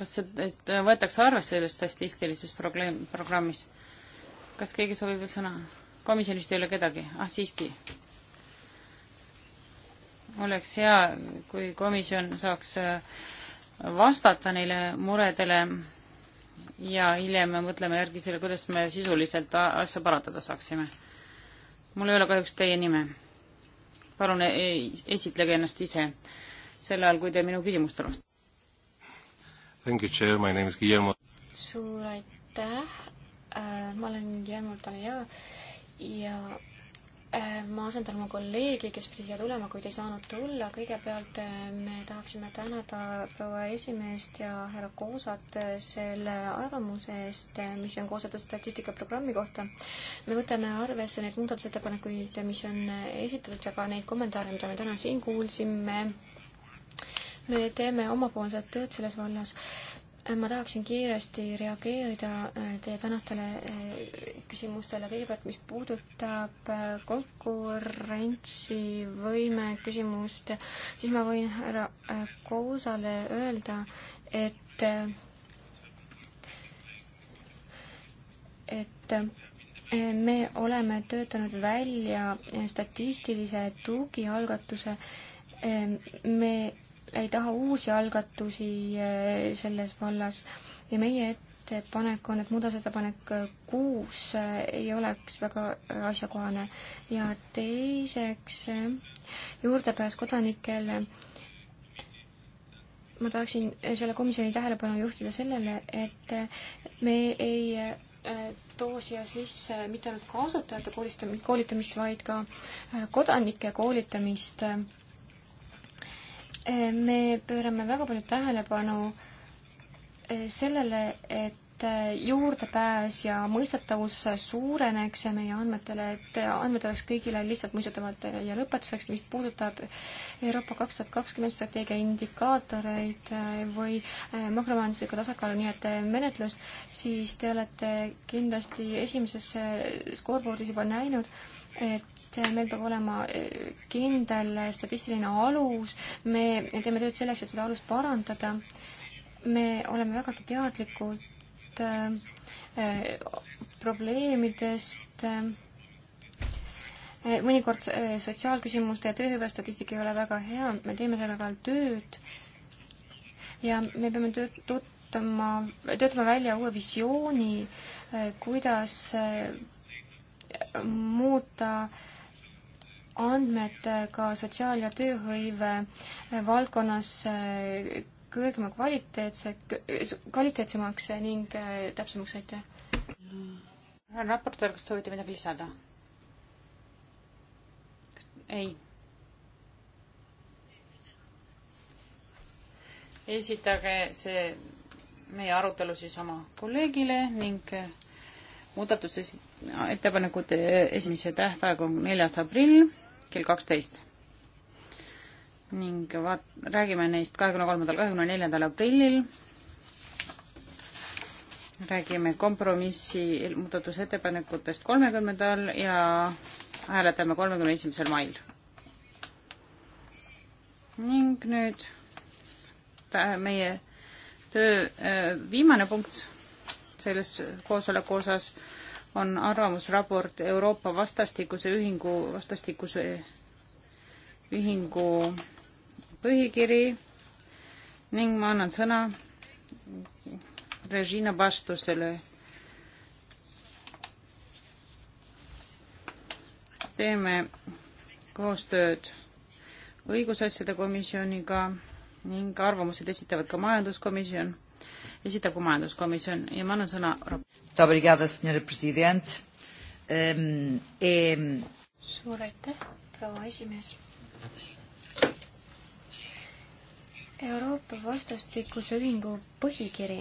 kas see võetakse arvesse selles statistilises probleem, programmis? kas keegi soovib veel sõna? komisjonist ei ole kedagi, ah siiski. oleks hea, kui komisjon saaks äh, vastata neile muredele ja hiljem me mõtleme järgi selle, kuidas me sisuliselt asja parandada saaksime. mul ei ole kahjuks teie nime. palun e-, e-, esitlege ennast ise sel ajal, kui te minu küsimustele vastate. Thank you, chair, my name is Guillermo. suur aitäh, äh, ma olen Guillermo Talia ja äh, ma asendan oma kolleegi, kes pidi siia tulema, kuid ei saanud tulla. kõigepealt äh, me tahaksime tänada proua esimeest ja härra Koosat äh, selle arvamuse eest, mis on koostatud statistikaprogrammi kohta. me võtame arvesse neid muudatusettepanekuid, mis on esitatud ja ka neid kommentaare, mida me täna siin kuulsime. me teeme omapoolset tööd selles vallas Äh, ma tahaksin kiiresti reageerida äh, teie tänastele äh, küsimustele, kõigepealt mis puudutab konkurentsivõime küsimust, siis ma võin härra Koosale öelda, et et me oleme töötanud välja statistilise tugialgatuse, me ei taha uusi algatusi eh, selles vallas ja meie ettepanek on, et muudatusettepanek eh, kuus eh, ei oleks väga asjakohane ja teiseks juurdepääs kodanikele ma tahaksin selle komisjoni tähelepanu juhtida sellele, et me ei too siia sisse mitte ainult kasutajate koolitamist, koolitamist, vaid ka kodanike koolitamist Eh, me pöörame väga palju tähelepanu eh, sellele, et eh, juurdepääs ja mõistetavus suureneks meie andmetele, et andmed oleks kõigile lihtsalt mõistetavad ja lõpetuseks, mis puudutab Euroopa kaks tuhat kakskümmend strateegia indikaatoreid või makromajanduslikku tasakaalu, nii et menetlust, siis te olete kindlasti esimeses skoorboardis juba näinud, et meil peab olema eh, kindel statistiline alus, me teeme tööd selleks, et seda alust parandada, me oleme vägagi teadlikud eh, eh, probleemidest, mõnikord sotsiaalküsimuste ja tööhüve statistika ei ole väga hea, me teeme selle kallal tööd ja me peame tööd, töötama, töötama välja uue visiooni, kuidas muuta andmed ka sotsiaal- ja tööhõive valdkonnas äh, kõrgema kvaliteetse, kvaliteetsemaks ning äh, täpsemaks, aitäh. raportöör, kas soovite midagi lisada? kas, ei? esitage see meie arutelu siis oma kolleegile ning äh, muudatus esi-, ettepanekute esimese tähtaeg on neljas aprill kell kaksteist ning vaat-, räägime neist kahekümne kolmandal, kahekümne neljandal aprillil. räägime kompromissi muudatusettepanekutest kolmekümnendal ja hääletame kolmekümne esimesel mail. ning nüüd meie töö äh, viimane punkt selles koosoleku osas on arvamusraport Euroopa vastastikuse ühingu, vastastikuse ühingu põhikiri ning ma annan sõna Regina Bastusele. teeme koostööd õigusasjade komisjoniga ning arvamused esitavad ka majanduskomisjon esitab ka majanduskomisjon ja ma annan sõna. Ehm, suur aitäh, proua esimees. Euroopa vastastikuse ühingu põhikiri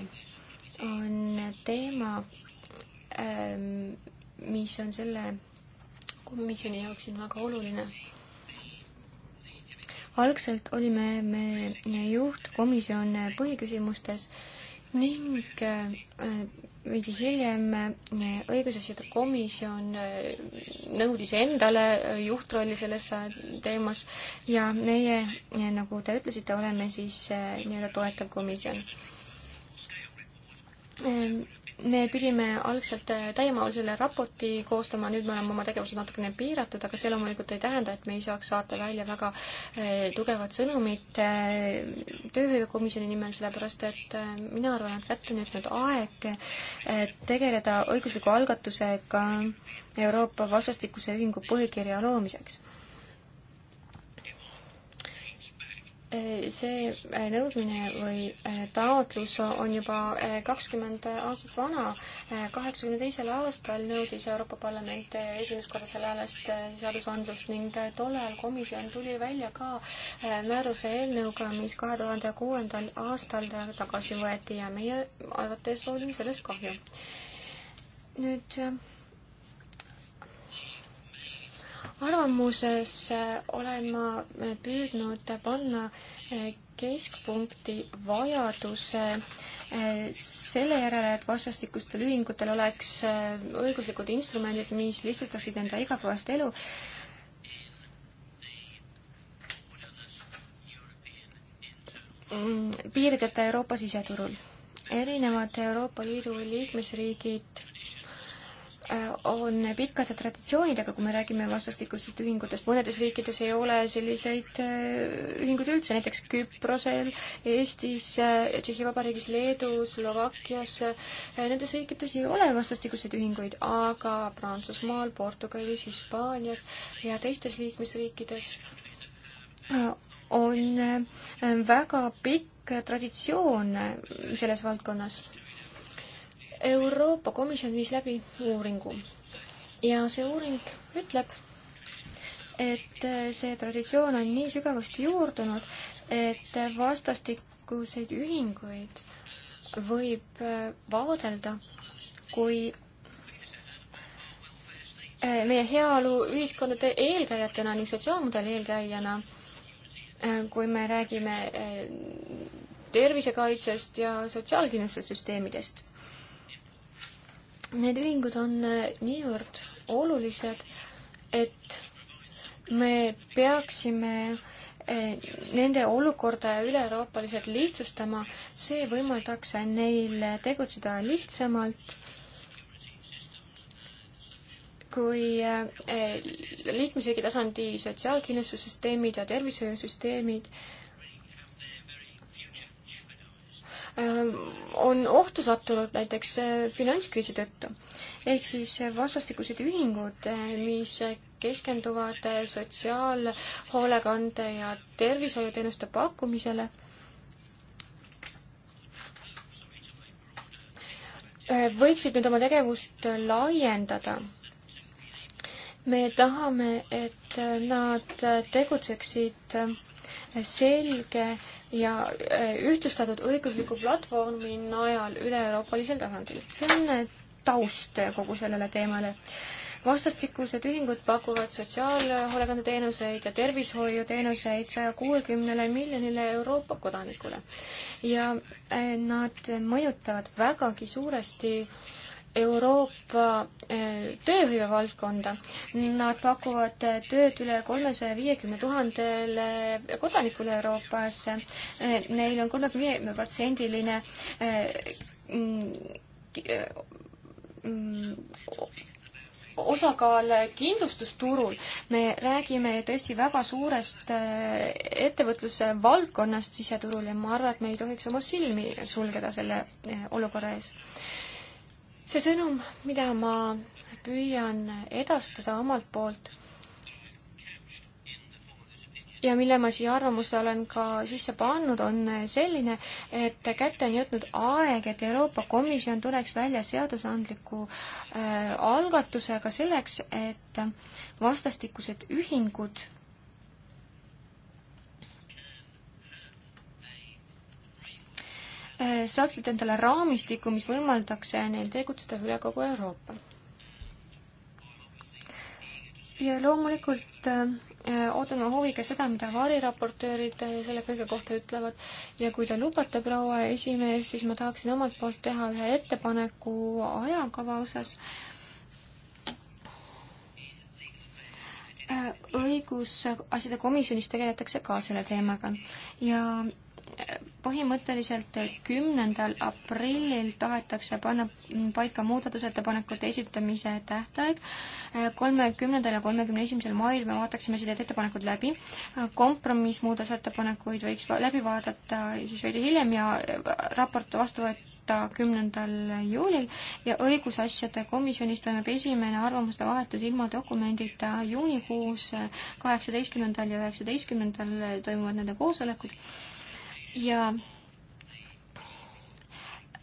on teema, ehm, mis on selle komisjoni jaoks siin väga oluline. algselt olime me juhtkomisjon põhiküsimustes ning äh, veidi hiljem äh, õigusasjade komisjon äh, nõudis endale juhtrolli selles teemas ja meie, nagu te ütlesite, oleme siis nii-öelda toetav komisjon me pidime algselt äh, täiemahulisele raporti koostama, nüüd me oleme oma tegevused natukene piiratud, aga see loomulikult ei tähenda, et me ei saaks saata välja väga äh, tugevat sõnumit äh, tööhõivekomisjoni nimel, sellepärast et mina arvan, et kätte on jõudnud aeg tegeleda õigusliku algatusega Euroopa vastastikuse ühingu põhikirja loomiseks Äh, see äh, nõudmine või äh, taotlus on juba kakskümmend aastat vana. kaheksakümne teisel aastal nõudis Euroopa Parlament esimest korda sellealast seadusandlust ning tol ajal komisjon tuli välja ka määruse eelnõuga, mis kahe tuhande kuuendal aastal tagasi võeti ja meie arvates oli sellest kahju. nüüd arvamuses äh, olen ma äh, püüdnud panna äh, keskpunkti vajaduse selle järele, et vastastikustel ühingutel oleks õiguslikud instrumendid, mis lihtsustaksid enda igapäevast elu. Mm, piirideta Euroopa siseturul. erinevad Euroopa Liidu liikmesriigid Äh, on pikkade traditsioonidega, kui me räägime vastastikustest ühingutest. mõnedes riikides ei ole selliseid äh, ühinguid üldse, näiteks Küprosel, Eestis, äh, Tšehhi Vabariigis, Leedus, Slovakkias, nendes riikides ei ole vastastikuseid ühinguid, aga Prantsusmaal, Portugalis, Hispaanias ja teistes liikmesriikides on väga pikk traditsioon selles valdkonnas Euroopa Komisjon viis läbi uuringu ja see uuring ütleb, et see traditsioon on nii sügavasti juurdunud, et vastastikuseid ühinguid võib äh, vaadelda kui äh, meie heaolu ühiskondade eelkäijatena ning sotsiaalmudeli eelkäijana, äh, kui me räägime tervisekaitsest ja sotsiaalkindlustussüsteemidest Need ühingud on äh, niivõrd olulised, et me peaksime äh, nende olukorda üle-euroopaliselt lihtsustama, see võimaldaks neil tegutseda lihtsamalt kui äh, liikmesriigi tasandi sotsiaalkindlustussüsteemid ja tervishoiusüsteemid äh, Ehm, on ohtu sattunud näiteks eh, finantskriisi tõttu. ehk siis eh, vastastikused ühingud, eh, mis keskenduvad sotsiaalhoolekande ja tervishoiuteenuste pakkumisele, võiksid nüüd oma tegevust laiendada me tahame, et nad tegutseksid selge ja äh, ühtlustatud õigusliku platvormi najal üle-euroopalisel tasandil. see on äh, taust äh, kogu sellele teemale. vastastikused ühingud pakuvad sotsiaalhoolekandeteenuseid ja tervishoiuteenuseid saja kuuekümnele miljonile Euroopa kodanikule. ja nad mõjutavad vägagi suuresti äh, Euroopa eh, tööhõive valdkonda. Nad pakuvad eh, tööd üle kolmesaja viiekümne tuhandele kodanikule Euroopas. Eh, neil on kolmekümne viie protsendiline mm, mm, osakaal kindlustusturul, me räägime tõesti väga suurest ettevõtluse valdkonnast siseturul ja ma arvan, et me ei tohiks oma silmi sulgeda selle olukorra ees see sõnum, mida ma püüan edastada omalt poolt ja mille ma siia arvamusse olen ka sisse pannud, on selline, et kätte on jõudnud aeg, et Euroopa Komisjon tuleks välja seadusandliku äh, algatusega selleks, et vastastikused ühingud Äh, saaksid endale raamistiku, mis võimaldaks äh, neil tegutseda üle kogu Euroopa. ja loomulikult äh, ootame huviga seda, mida variraportöörid selle kõige kohta ütlevad ja kui te lubate, proua esimees, siis ma tahaksin omalt poolt teha ühe ettepaneku ajakava osas. õigusasjade komisjonis tegeletakse ka selle teemaga ja põhimõtteliselt kümnendal aprillil tahetakse panna paika muudatusettepanekute esitamise tähtaeg. kolmekümnendal ja kolmekümne esimesel mail me vaataksime need ettepanekud läbi. kompromissmuudatusettepanekuid võiks läbi vaadata siis veidi hiljem ja raport vastu võtta kümnendal juulil ja õigusasjade komisjonis toimub esimene arvamuste vahetus ilma dokumendita juunikuus, kaheksateistkümnendal ja üheksateistkümnendal toimuvad nende koosolekud ja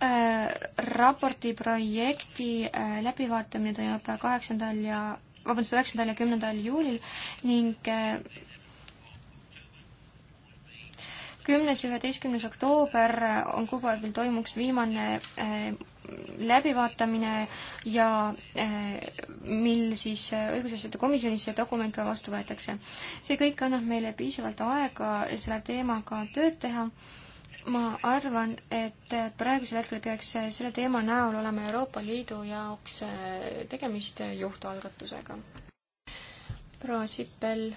äh, raporti projekti äh, läbivaatamine toimub kaheksandal ja, vabandust, üheksandal ja kümnendal juulil ning äh, kümnes ja üheteistkümnes oktoober on kuupäev, mil toimuks viimane äh, läbivaatamine ja eh, mil siis eh, õigusasjade komisjonis see dokument ka vastu võetakse. see kõik annab meile piisavalt aega selle teemaga tööd teha. ma arvan, et praegusel hetkel peaks selle teema näol olema Euroopa Liidu jaoks eh, tegemist juhtalgatusega. proua Sippel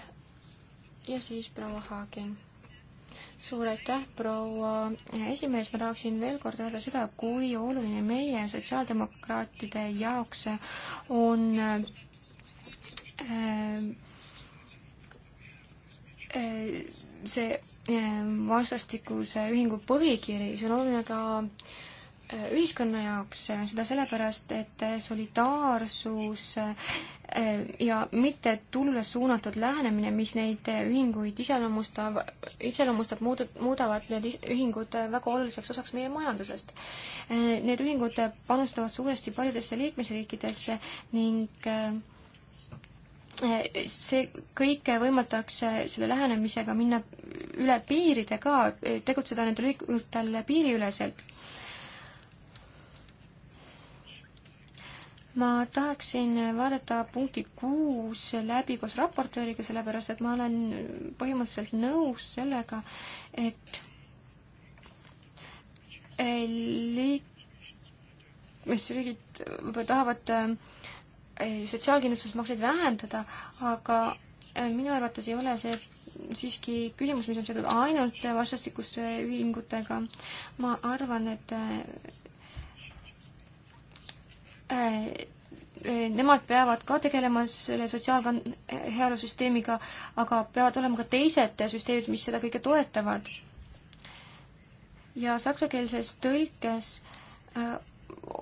ja siis proua Haagin suur aitäh, proua esimees, ma tahaksin veel kord öelda seda, kui oluline meie sotsiaaldemokraatide jaoks on äh, äh, see äh, vastastikuse ühingu põhikiri, see on oluline ka äh, ühiskonna jaoks, äh, seda sellepärast, et äh, solidaarsus äh, ja mitte tulle suunatud lähenemine, mis neid ühinguid iseloomustav, iseloomustab, muudu-, muudavad need ühingud väga oluliseks osaks meie majandusest. Need ühingud panustavad suuresti paljudesse liikmesriikidesse ning see kõik võimaldaks selle lähenemisega minna üle piiride ka, tegutseda nendel ühikutel piiriüleselt ma tahaksin vaadata punkti kuus läbi koos raportööriga, sellepärast et ma olen põhimõtteliselt nõus sellega, et eh, liikmesriigid võib-olla tahavad eh, sotsiaalkindlustusmakseid vähendada, aga eh, minu arvates ei ole see siiski küsimus, mis on seotud ainult vastastikuste ühingutega. ma arvan, et Äh, äh, nemad peavad ka tegelema selle sotsiaalkan-, heaolusüsteemiga, aga peavad olema ka teised süsteemid, mis seda kõike toetavad. ja saksakeelses tõlkes äh,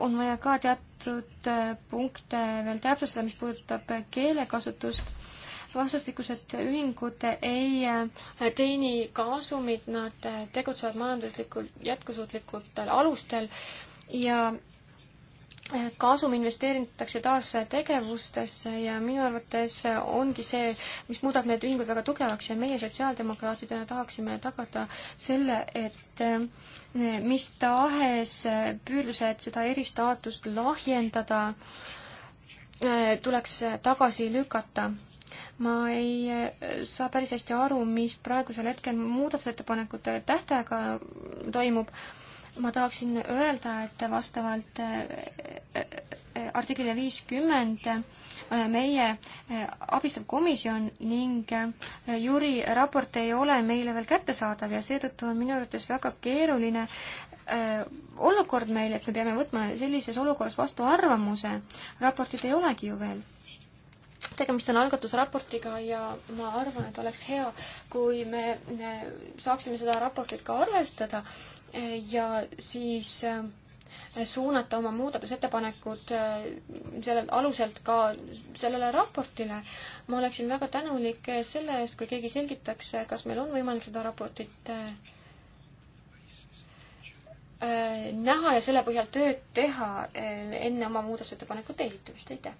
on vaja ka teatud punkte veel täpsustada, mis puudutab keelekasutust. vastastikused ühingud ei teeni kasumit, nad tegutsevad majanduslikult jätkusuutlikutel alustel ja kasum investeeritakse taas tegevustesse ja minu arvates ongi see, mis muudab need ühingud väga tugevaks ja meie sotsiaaldemokraatidena tahaksime tagada selle, et eh, mis tahes püüdlused seda eristaatust lahjendada eh, tuleks tagasi lükata. ma ei eh, saa päris hästi aru, mis praegusel hetkel muudatusettepanekute tähtajaga toimub ma tahaksin öelda, et vastavalt äh, äh, äh, artiklile viiskümmend meie abistav komisjon ning juri raport ei ole meile veel kättesaadav ja seetõttu on minu arvates väga keeruline olukord meil, et me peame võtma sellises olukorras vastu arvamuse, raportit ei olegi ju veel tegemist on algatusraportiga ja ma arvan, et oleks hea, kui me, me saaksime seda raportit ka arvestada ja siis äh, suunata oma muudatusettepanekud äh, sellelt aluselt ka sellele raportile. ma oleksin väga tänulik selle eest, kui keegi selgitaks, kas meil on võimalik seda raportit äh, näha ja selle põhjal tööd teha enne oma muudatusettepanekute esitamist, aitäh!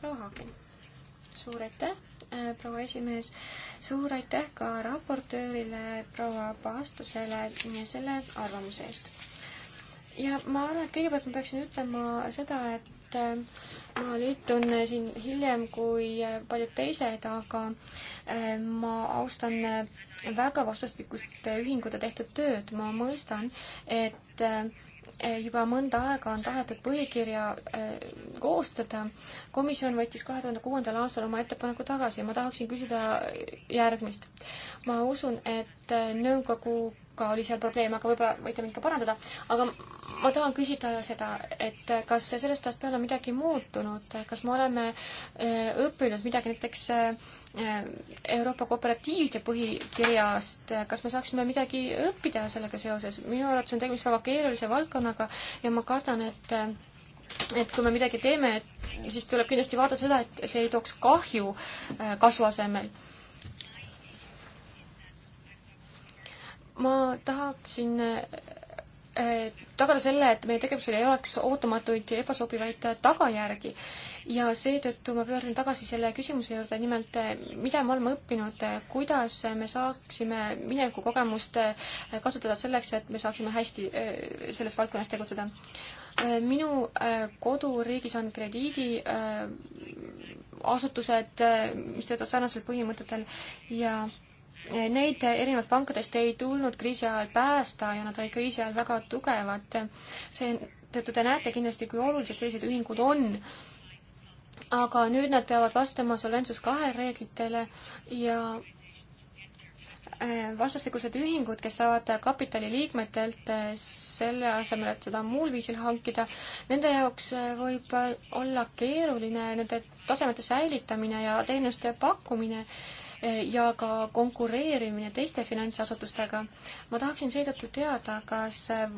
proua Haagen, suur aitäh! Äh, proua esimees. suur aitäh ka raportöörile, proua Paastusele selle arvamuse eest. ja ma arvan, et kõigepealt ma peaksin ütlema seda, et äh, ma liitun äh, siin hiljem kui äh, paljud teised, aga äh, ma austan väga vastastikust ühingute tehtud tööd, ma mõistan, et juba mõnda aega on tahetud põhikirja koostada. komisjon võttis kahe tuhande kuuendal aastal oma ettepaneku tagasi ja ma tahaksin küsida järgmist. ma usun, et nõukogu ka oli seal probleem, aga võib-olla võite mind ka parandada. aga ma tahan küsida seda, et kas sellest ajast peale on midagi muutunud, kas me oleme äh, õppinud midagi näiteks äh, Euroopa kooperatiivide põhikirjast, kas me saaksime midagi õppida sellega seoses? minu arvates on tegemist väga keerulise valdkonnaga ja ma kardan, et äh, et kui me midagi teeme, et siis tuleb kindlasti vaadata seda, et see ei tooks kahju kasvu asemel ma tahaksin äh, tagada selle, et meie tegevusel ei oleks ootamatuid ja ebasobivaid tagajärgi. ja seetõttu ma pöördun tagasi selle küsimuse juurde, nimelt äh, mida me oleme õppinud, kuidas me saaksime minevikukogemust äh, kasutada selleks, et me saaksime hästi selles valdkonnas tegutseda. minu koduriigis on krediidiasutused, mis töötavad sarnasel põhimõtetel ja Eh, neid eh, erinevalt pankadest ei tulnud kriisi ajal päästa ja nad olid kriisi ajal väga tugevad. seetõttu te näete kindlasti, kui olulised sellised ühingud on. aga nüüd nad peavad vastama Solventsus kahe reeglitele ja eh, vastastikused ühingud, kes saavad kapitali liikmetelt selle asemel, et seda muul viisil hankida, nende jaoks võib olla keeruline nende tasemete säilitamine ja teenuste pakkumine ja ka konkureerimine teiste finantsasutustega. ma tahaksin seetõttu teada, kas äh,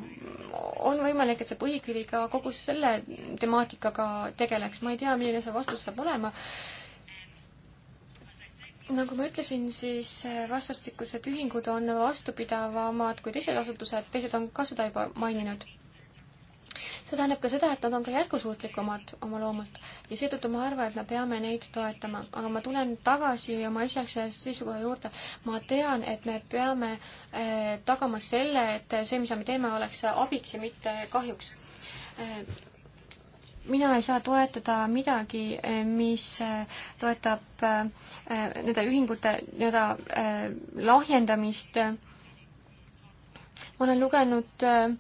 on võimalik, et see põhikiri ka kogu selle temaatikaga tegeleks, ma ei tea, milline see vastus saab olema. nagu ma ütlesin, siis äh, vastastikused ühingud on vastupidavamad kui teised asutused, teised on ka seda juba maininud see tähendab ka seda, et nad on ka jätkusuutlikumad oma loomult ja seetõttu ma arvan, et me peame neid toetama, aga ma tulen tagasi oma esialgse seisukoha juurde. ma tean, et me peame äh, tagama selle, et see, mida me teeme, oleks abiks ja mitte kahjuks äh, mina ei saa toetada midagi, eh, mis toetab äh, nende ühingute nii-öelda äh, lahjendamist äh, ma olen lugenud äh,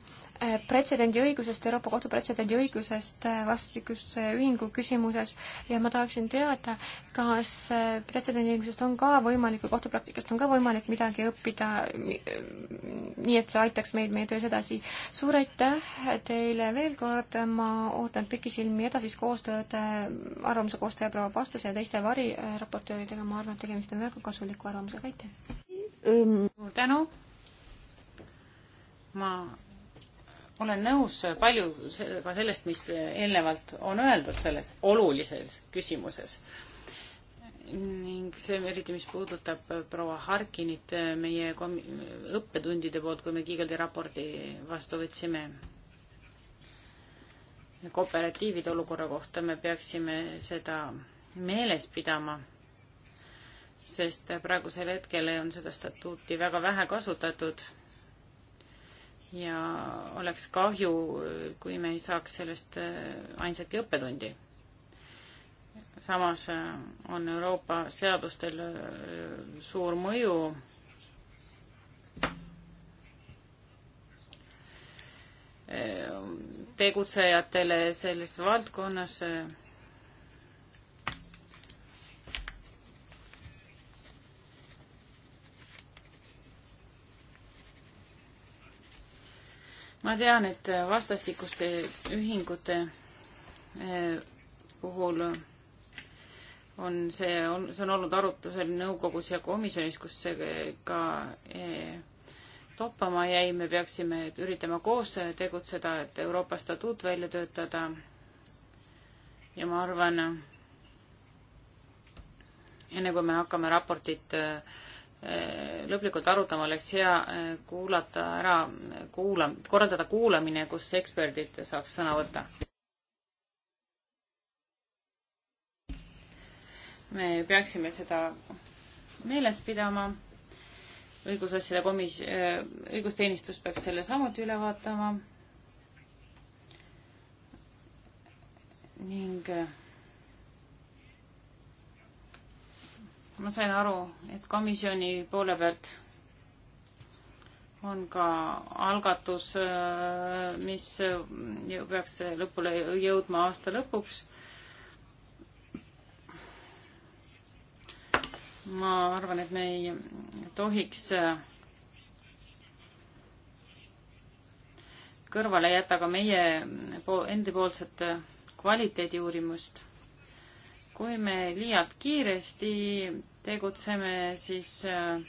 pretsedendi õigusest, Euroopa Kohtu pretsedendi õigusest äh, vastastikuse ühingu küsimuses ja ma tahaksin teada, kas äh, pretsedendi õigusest on ka võimalik või kohtupraktikast on ka võimalik midagi õppida, nii et see aitaks meid meie töös edasi. suur aitäh teile veel kord, ma ootan pikisilmi edasist koostööd arvamuse koostaja proua Pastase ja teiste variraportööridega, ma arvan, et tegemist on väga kasuliku arvamusega, aitäh! suur tänu! ma olen nõus palju ka sellest, mis eelnevalt on öeldud selles olulises küsimuses. ning see eriti, mis puudutab proua Harkinit meie kom-, õppetundide poolt, kui me Kiigeldi raporti vastu võtsime kooperatiivide olukorra kohta, me peaksime seda meeles pidama, sest praegusel hetkel on seda statuuti väga vähe kasutatud ja oleks kahju, kui me ei saaks sellest äh, ainsatki õppetundi. samas äh, on Euroopa seadustel äh, suur mõju tegutsejatele selles valdkonnas ma tean, et vastastikuste ühingute eh, puhul on see, on, see on olnud arutusel nõukogus ja komisjonis, kus see ka eh, toppama jäi, me peaksime üritama koos tegutseda, et Euroopa statuut välja töötada. ja ma arvan, enne kui me hakkame raportit äh, Äh, lõplikult arutama, oleks hea äh, kuulata ära, kuula-, korraldada kuulamine, kus eksperdid saaks sõna võtta. me peaksime seda meeles pidama. õigusasjade komis-, äh, õigusteenistus peaks selle samuti üle vaatama. ning ma sain aru, et komisjoni poole pealt on ka algatus, äh, mis peaks lõpule jõudma aasta lõpuks. ma arvan, et me ei tohiks äh, kõrvale jätta ka meie endipoolset äh, kvaliteediuurimust. kui me liialt kiiresti tegutseme, siis äh,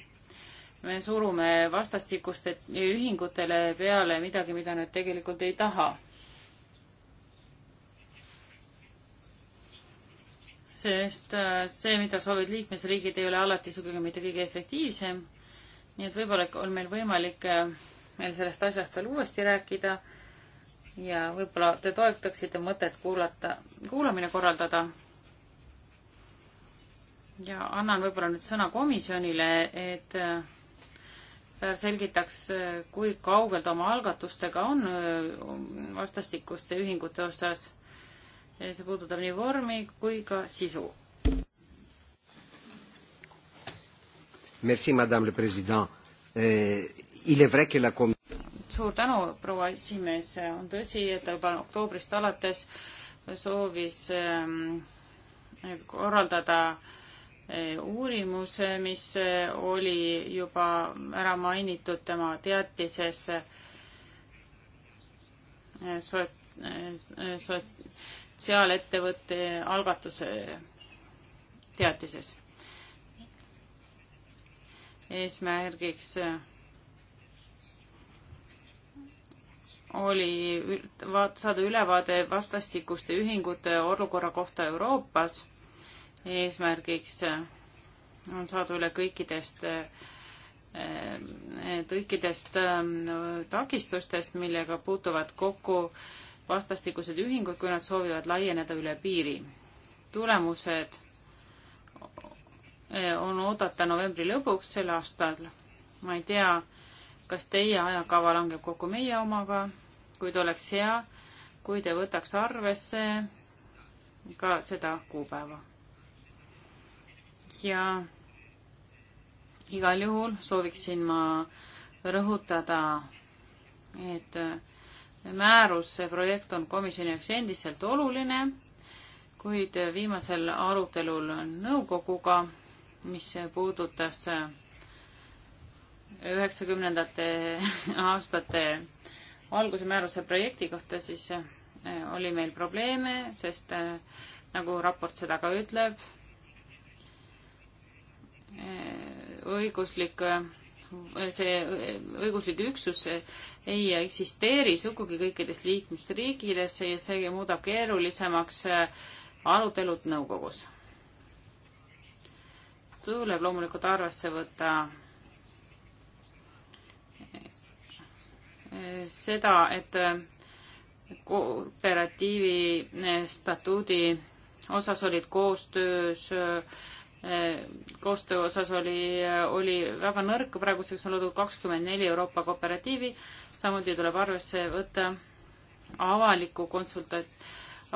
me surume vastastikuste ühingutele peale midagi, mida nad tegelikult ei taha. sest äh, see, mida soovid liikmesriigid, ei ole alati sugugi mitte kõige efektiivsem. nii et võib-olla on meil võimalik äh, meil sellest asjast veel uuesti rääkida ja võib-olla te toetaksite mõtet kuulata, kuulamine korraldada ja annan võib-olla nüüd sõna komisjonile, et äh, selgitaks, äh, kui kaugel ta oma algatustega on äh, vastastikuste ühingute osas. see puudutab nii vormi kui ka sisu. Merci, madame le president. Euh, il est vrai que la com-. suur tänu, proua esimees. on tõsi, et juba oktoobrist alates soovis ähm, korraldada äh, korraldada uurimuse, mis eh, oli juba ära mainitud tema teatises eh, soot-, eh, sotsiaalettevõtte algatuse teatises. eesmärgiks oli vaat-, saada ülevaade vastastikuste ühingute olukorra kohta Euroopas eesmärgiks on saada üle kõikidest eh, kõikidest ehm, takistustest, millega puutuvad kokku vastastikused ühingud, kui nad soovivad laieneda üle piiri. tulemused eh, on oodata novembri lõpuks sel aastal. ma ei tea, kas teie ajakava langeb kokku meie omaga, kuid oleks hea, kui te võtaks arvesse ka seda kuupäeva ja igal juhul sooviksin ma rõhutada, et määruse projekt on komisjoni jaoks endiselt oluline, kuid viimasel arutelul nõukoguga, mis puudutas üheksakümnendate aastate alguse määruse projekti kohta, siis oli meil probleeme, sest äh, nagu raport seda ka ütleb, õiguslik, see õiguslik üksus ei eksisteeri sugugi kõikides liikmesriikides ja see muudab keerulisemaks arutelud nõukogus. tuleb loomulikult arvesse võtta seda, et kooperatiivi statuudi osas olid koostöös Äh, koostöö osas oli, äh, oli väga nõrk, praeguseks on loodud kakskümmend neli Euroopa kooperatiivi, samuti tuleb arvesse võtta avaliku konsultat-,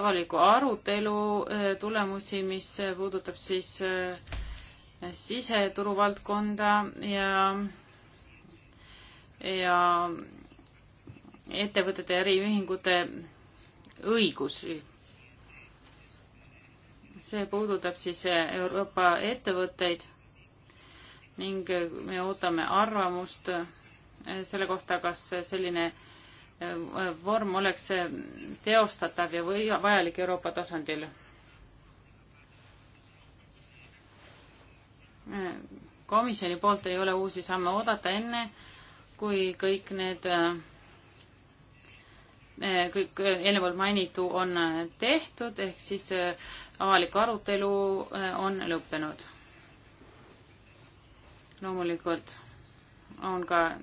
avaliku arutelu äh, tulemusi, mis puudutab siis siseturu valdkonda ja, ja ettevõtete ja äriühingute õigusi see puudutab siis Euroopa ettevõtteid ning me ootame arvamust selle kohta, kas selline äh, vorm oleks teostatav ja või vajalik Euroopa tasandil. Äh, komisjoni poolt ei ole uusi samme oodata enne, kui kõik need, äh, kõik eelnevalt mainitu on tehtud, ehk siis avalik arutelu äh, on lõppenud. loomulikult on ka äh,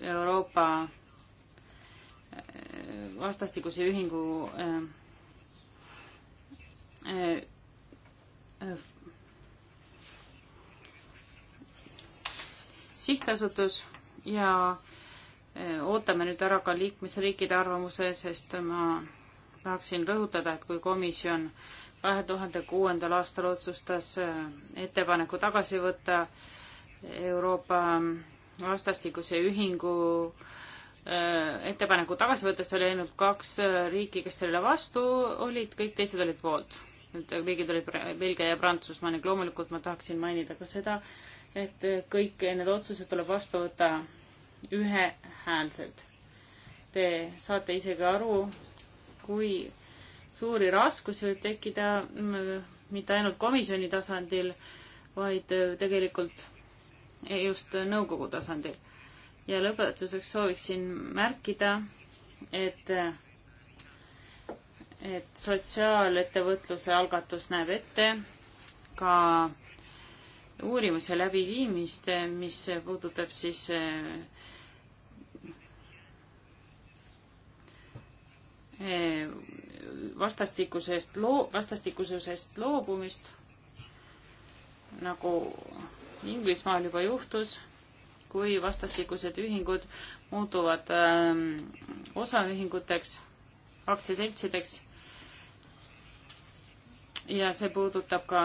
Euroopa äh, vastastikuse ühingu sihtasutus ja ootame nüüd ära ka liikmesriikide arvamuse, sest ma tahaksin rõhutada, et kui komisjon äh, kahe tuhande kuuendal aastal otsustas äh, ettepaneku tagasi võtta Euroopa ähm, vastastikuse ühingu äh, ettepaneku tagasi võtta, see oli ainult kaks äh, riiki, kes sellele vastu olid, kõik teised olid poolt. Need riigid olid Belgia ja Prantsusmaa ning loomulikult ma tahaksin mainida ka seda, et kõik need otsused tuleb vastu võtta ühehäälselt. Te saate isegi aru, kui suuri raskusi võib tekkida mm, mitte ainult komisjoni tasandil, vaid äh, tegelikult just nõukogu tasandil. ja lõpetuseks sooviksin märkida, et, äh, et sotsiaalettevõtluse algatus näeb ette ka uurimuse läbiviimist, mis puudutab siis eh, vastastikusest loo-, vastastikususest loobumist, nagu Inglismaal juba juhtus, kui vastastikused ühingud muutuvad äh, osaühinguteks, aktsiaseltsideks ja see puudutab ka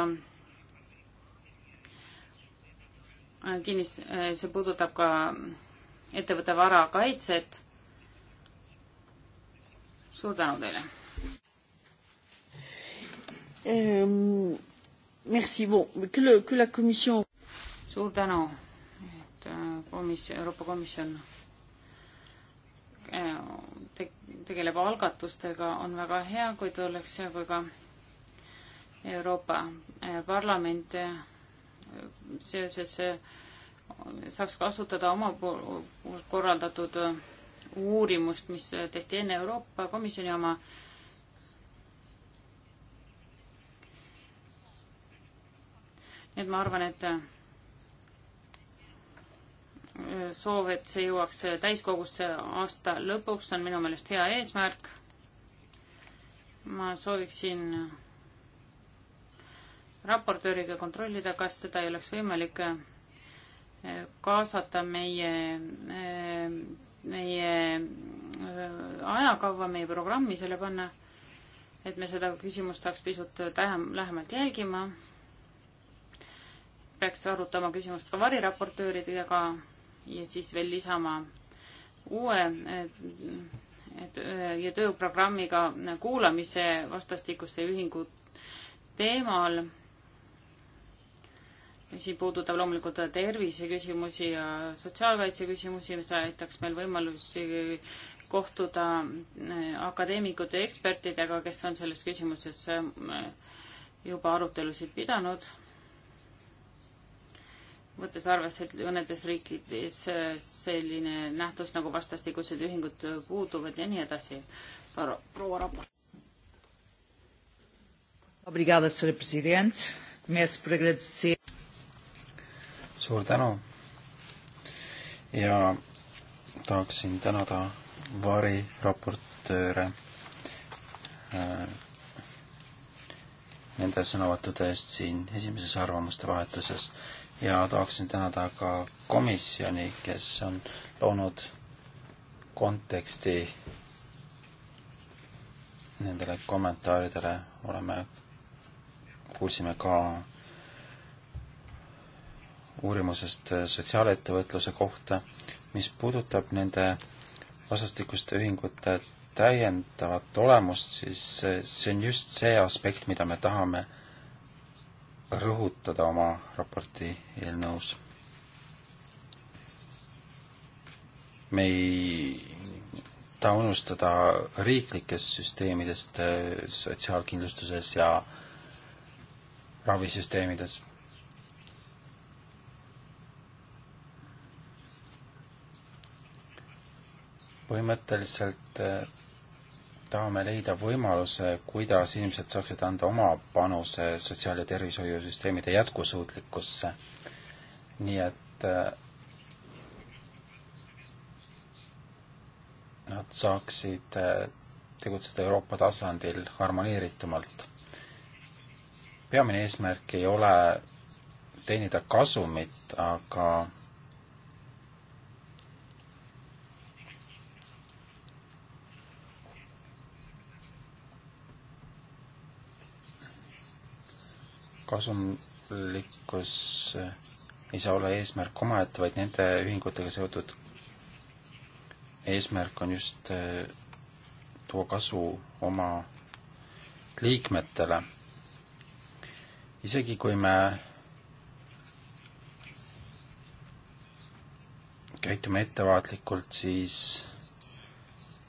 äh, kinnis, äh, see puudutab ka ettevõtte vara kaitset. suur tänu teile! Ehm, merci, bon, que le, que la commission. suur tänu, et äh, komisjon, Euroopa Komisjon äh, te, tegeleb algatustega, on väga hea, kuid oleks hea, kui ka Euroopa äh, Parlament seoses saaks kasutada oma korraldatud uurimust, mis tehti enne Euroopa Komisjoni oma nii et ma arvan, et äh, soov, et see jõuaks äh, täiskogusse aasta lõpuks, on minu meelest hea eesmärk. ma sooviksin äh, raportööriga kontrollida, kas seda ei oleks võimalik kaasata meie, meie ajakava, meie programmi selle panna, et me seda küsimust saaks pisut tähem, lähemalt jälgima peaks arutama küsimust ka variraportööridega ja siis veel lisama uue ja tööprogrammiga kuulamise vastastikuste ühingu teemal. siin puudutab loomulikult terviseküsimusi ja sotsiaalkaitseküsimusi, mis aitaks meil võimalusi kohtuda eh, akadeemikute ja ekspertidega, kes on selles küsimuses eh, juba arutelusid pidanud võttes arvesse, et mõnedes riikides äh, selline nähtus nagu vastastikused ühingud puuduvad ja nii edasi. proua raport. Obrigada, senhor presidente. Começo por agradecer. suur tänu ja tahaksin tänada variraportööre äh, nende sõnavõttude eest siin esimeses arvamuste vahetuses ja tahaksin tänada ka komisjoni, kes on loonud konteksti nendele kommentaaridele, oleme, kuulsime ka uurimusest sotsiaalettevõtluse kohta, mis puudutab nende vastastikuste ühingute täiendavat olemust, siis see on just see aspekt, mida me tahame rõhutada oma raporti eelnõus. me ei taha unustada riiklikest süsteemidest äh, sotsiaalkindlustuses ja ravisüsteemides põhimõtteliselt äh, tahame leida võimaluse, kuidas inimesed saaksid anda oma panuse sotsiaal- ja tervishoiusüsteemide jätkusuutlikkusse. nii et äh, nad saaksid äh, tegutseda Euroopa tasandil harmoneeritumalt. peamine eesmärk ei ole teenida kasumit, aga kasumlikkus ei saa olla eesmärk omaette, vaid nende ühingutega seotud eesmärk on just eh, tuua kasu oma liikmetele. isegi kui me käitume ettevaatlikult, siis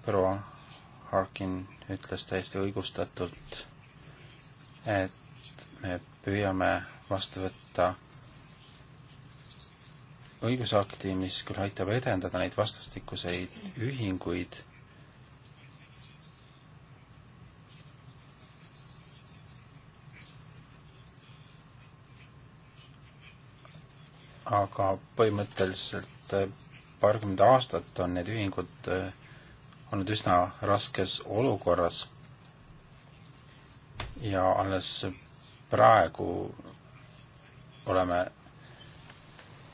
proua Harkin ütles täiesti õigustatult, et me püüame vastu võtta õigusakti, mis küll aitab edendada neid vastastikuseid ühinguid, aga põhimõtteliselt eh, paarkümmend aastat on need ühingud eh, olnud üsna raskes olukorras ja alles praegu oleme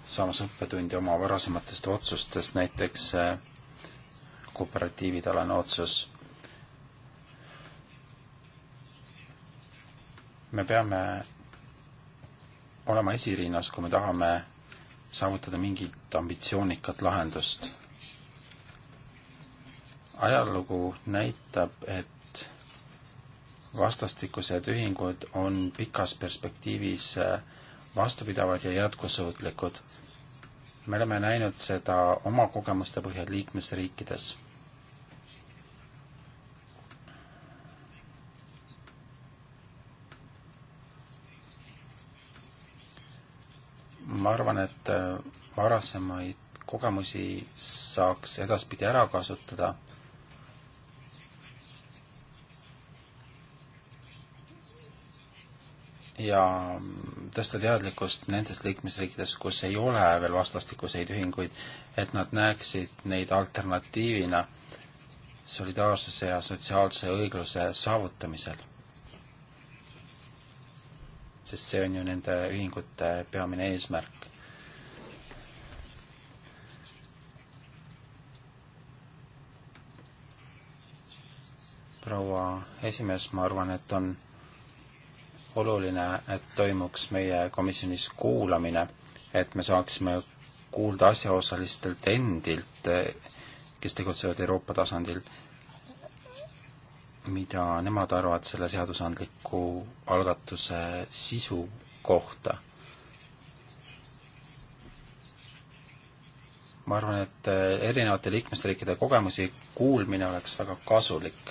saamas õppetundi oma varasematest otsustest, näiteks eh, kooperatiividealane otsus. me peame olema esirinnas, kui me tahame saavutada mingit ambitsioonikat lahendust. ajalugu näitab, et vastastikused ühingud on pikas perspektiivis äh, vastupidavad ja jätkusuutlikud. me oleme näinud seda oma kogemuste põhjal liikmesriikides. ma arvan, et äh, varasemaid kogemusi saaks edaspidi ära kasutada ja tõsta teadlikkust nendest liikmesriikidest, kus ei ole veel vastastikuseid ühinguid, et nad näeksid neid alternatiivina solidaarsuse ja sotsiaalse õigluse saavutamisel. sest see on ju nende ühingute peamine eesmärk. proua esimees, ma arvan, et on oluline, et toimuks meie komisjonis kuulamine, et me saaksime kuulda asjaosalistelt endilt, kes tegutsevad Euroopa tasandil, mida nemad arvavad selle seadusandliku algatuse sisu kohta. ma arvan, et erinevate liikmesriikide kogemusi kuulmine oleks väga kasulik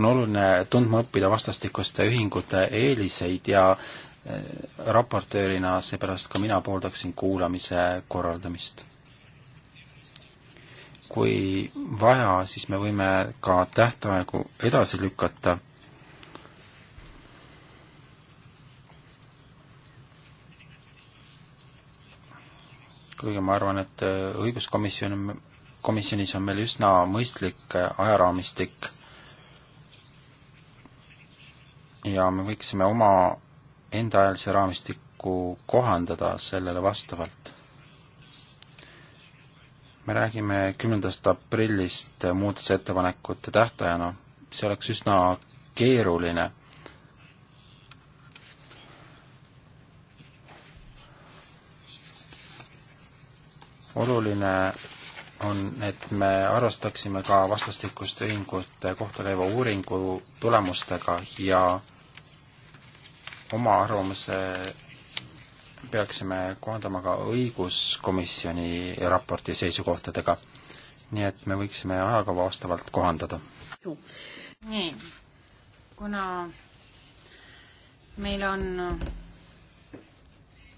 on oluline tundma õppida vastastikuste ühingute eeliseid ja äh, raportöörina seepärast ka mina pooldaksin kuulamise korraldamist. kui vaja, siis me võime ka tähtaegu edasi lükata kuigi ma arvan, et äh, õiguskomisjon, komisjonis on meil üsna mõistlik äh, ajaraamistik ja me võiksime oma endaajalise raamistiku kohandada sellele vastavalt. me räägime kümnendast aprillist muudatusettepanekute tähtajana, see oleks üsna keeruline. oluline on, et me arvestaksime ka vastastikuste ühingute kohta käiva uuringu tulemustega ja oma arvamuse peaksime kohandama ka õiguskomisjoni raporti seisukohtadega. nii et me võiksime ajakava vastavalt kohandada. nii, kuna meil on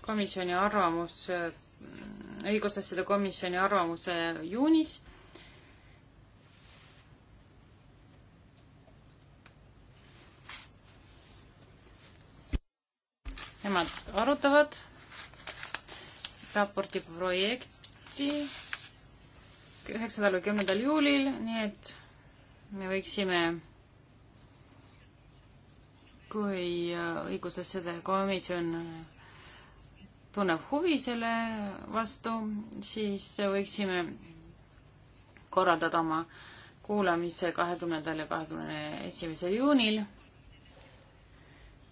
komisjoni arvamus, õigusasjade komisjoni arvamuse juunis Nemad arutavad raporti projekti üheksandal või kümnendal juulil, nii et me võiksime kui õigusasjade komisjon tunneb huvi selle vastu, siis võiksime korraldada oma kuulamise kahekümnendal ja kahekümne esimesel juunil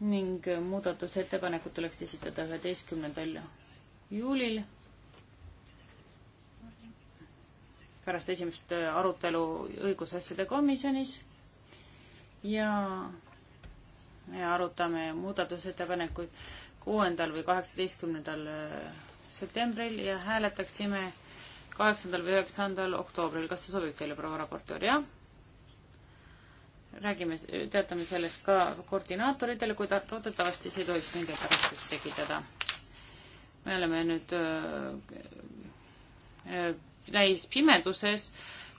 ning muudatusettepanekud tuleks esitada üheteistkümnendal juulil. pärast esimest arutelu õigusasjade komisjonis ja me arutame muudatusettepanekuid kuuendal või kaheksateistkümnendal septembril ja hääletaksime kaheksandal või üheksandal oktoobril. kas see sobib teile, proua raportöör, jah? räägime, teatame sellest ka koordinaatoritele, kuid loodetavasti see ei tohiks mingeid raskusi tekitada. me oleme nüüd äh, äh, täis pimeduses,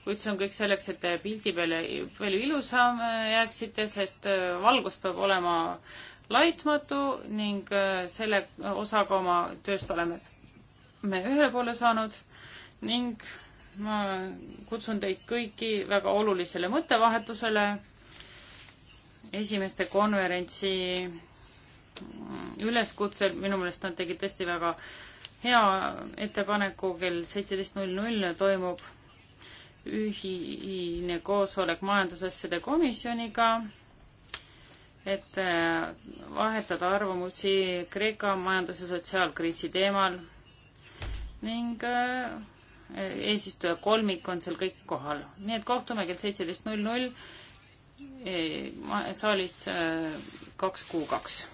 kuid see on kõik selleks, et te pildi peale palju ilusam äh, jääksite, sest valgus peab olema laitmatu ning selle osaga oma tööst oleme me ühele poole saanud ning ma kutsun teid kõiki väga olulisele mõttevahetusele esimeste konverentsi üleskutsel, minu meelest nad tegid tõesti väga hea ettepaneku, kell seitseteist null null toimub ühine koosolek majandusasjade komisjoniga, et äh, vahetada arvamusi Kreeka majandus- ja sotsiaalkriisi teemal ning äh, eesistuja kolmik on seal kõik kohal. nii et kohtume kell seitseteist null null saalis äh, kaks kuu kaks.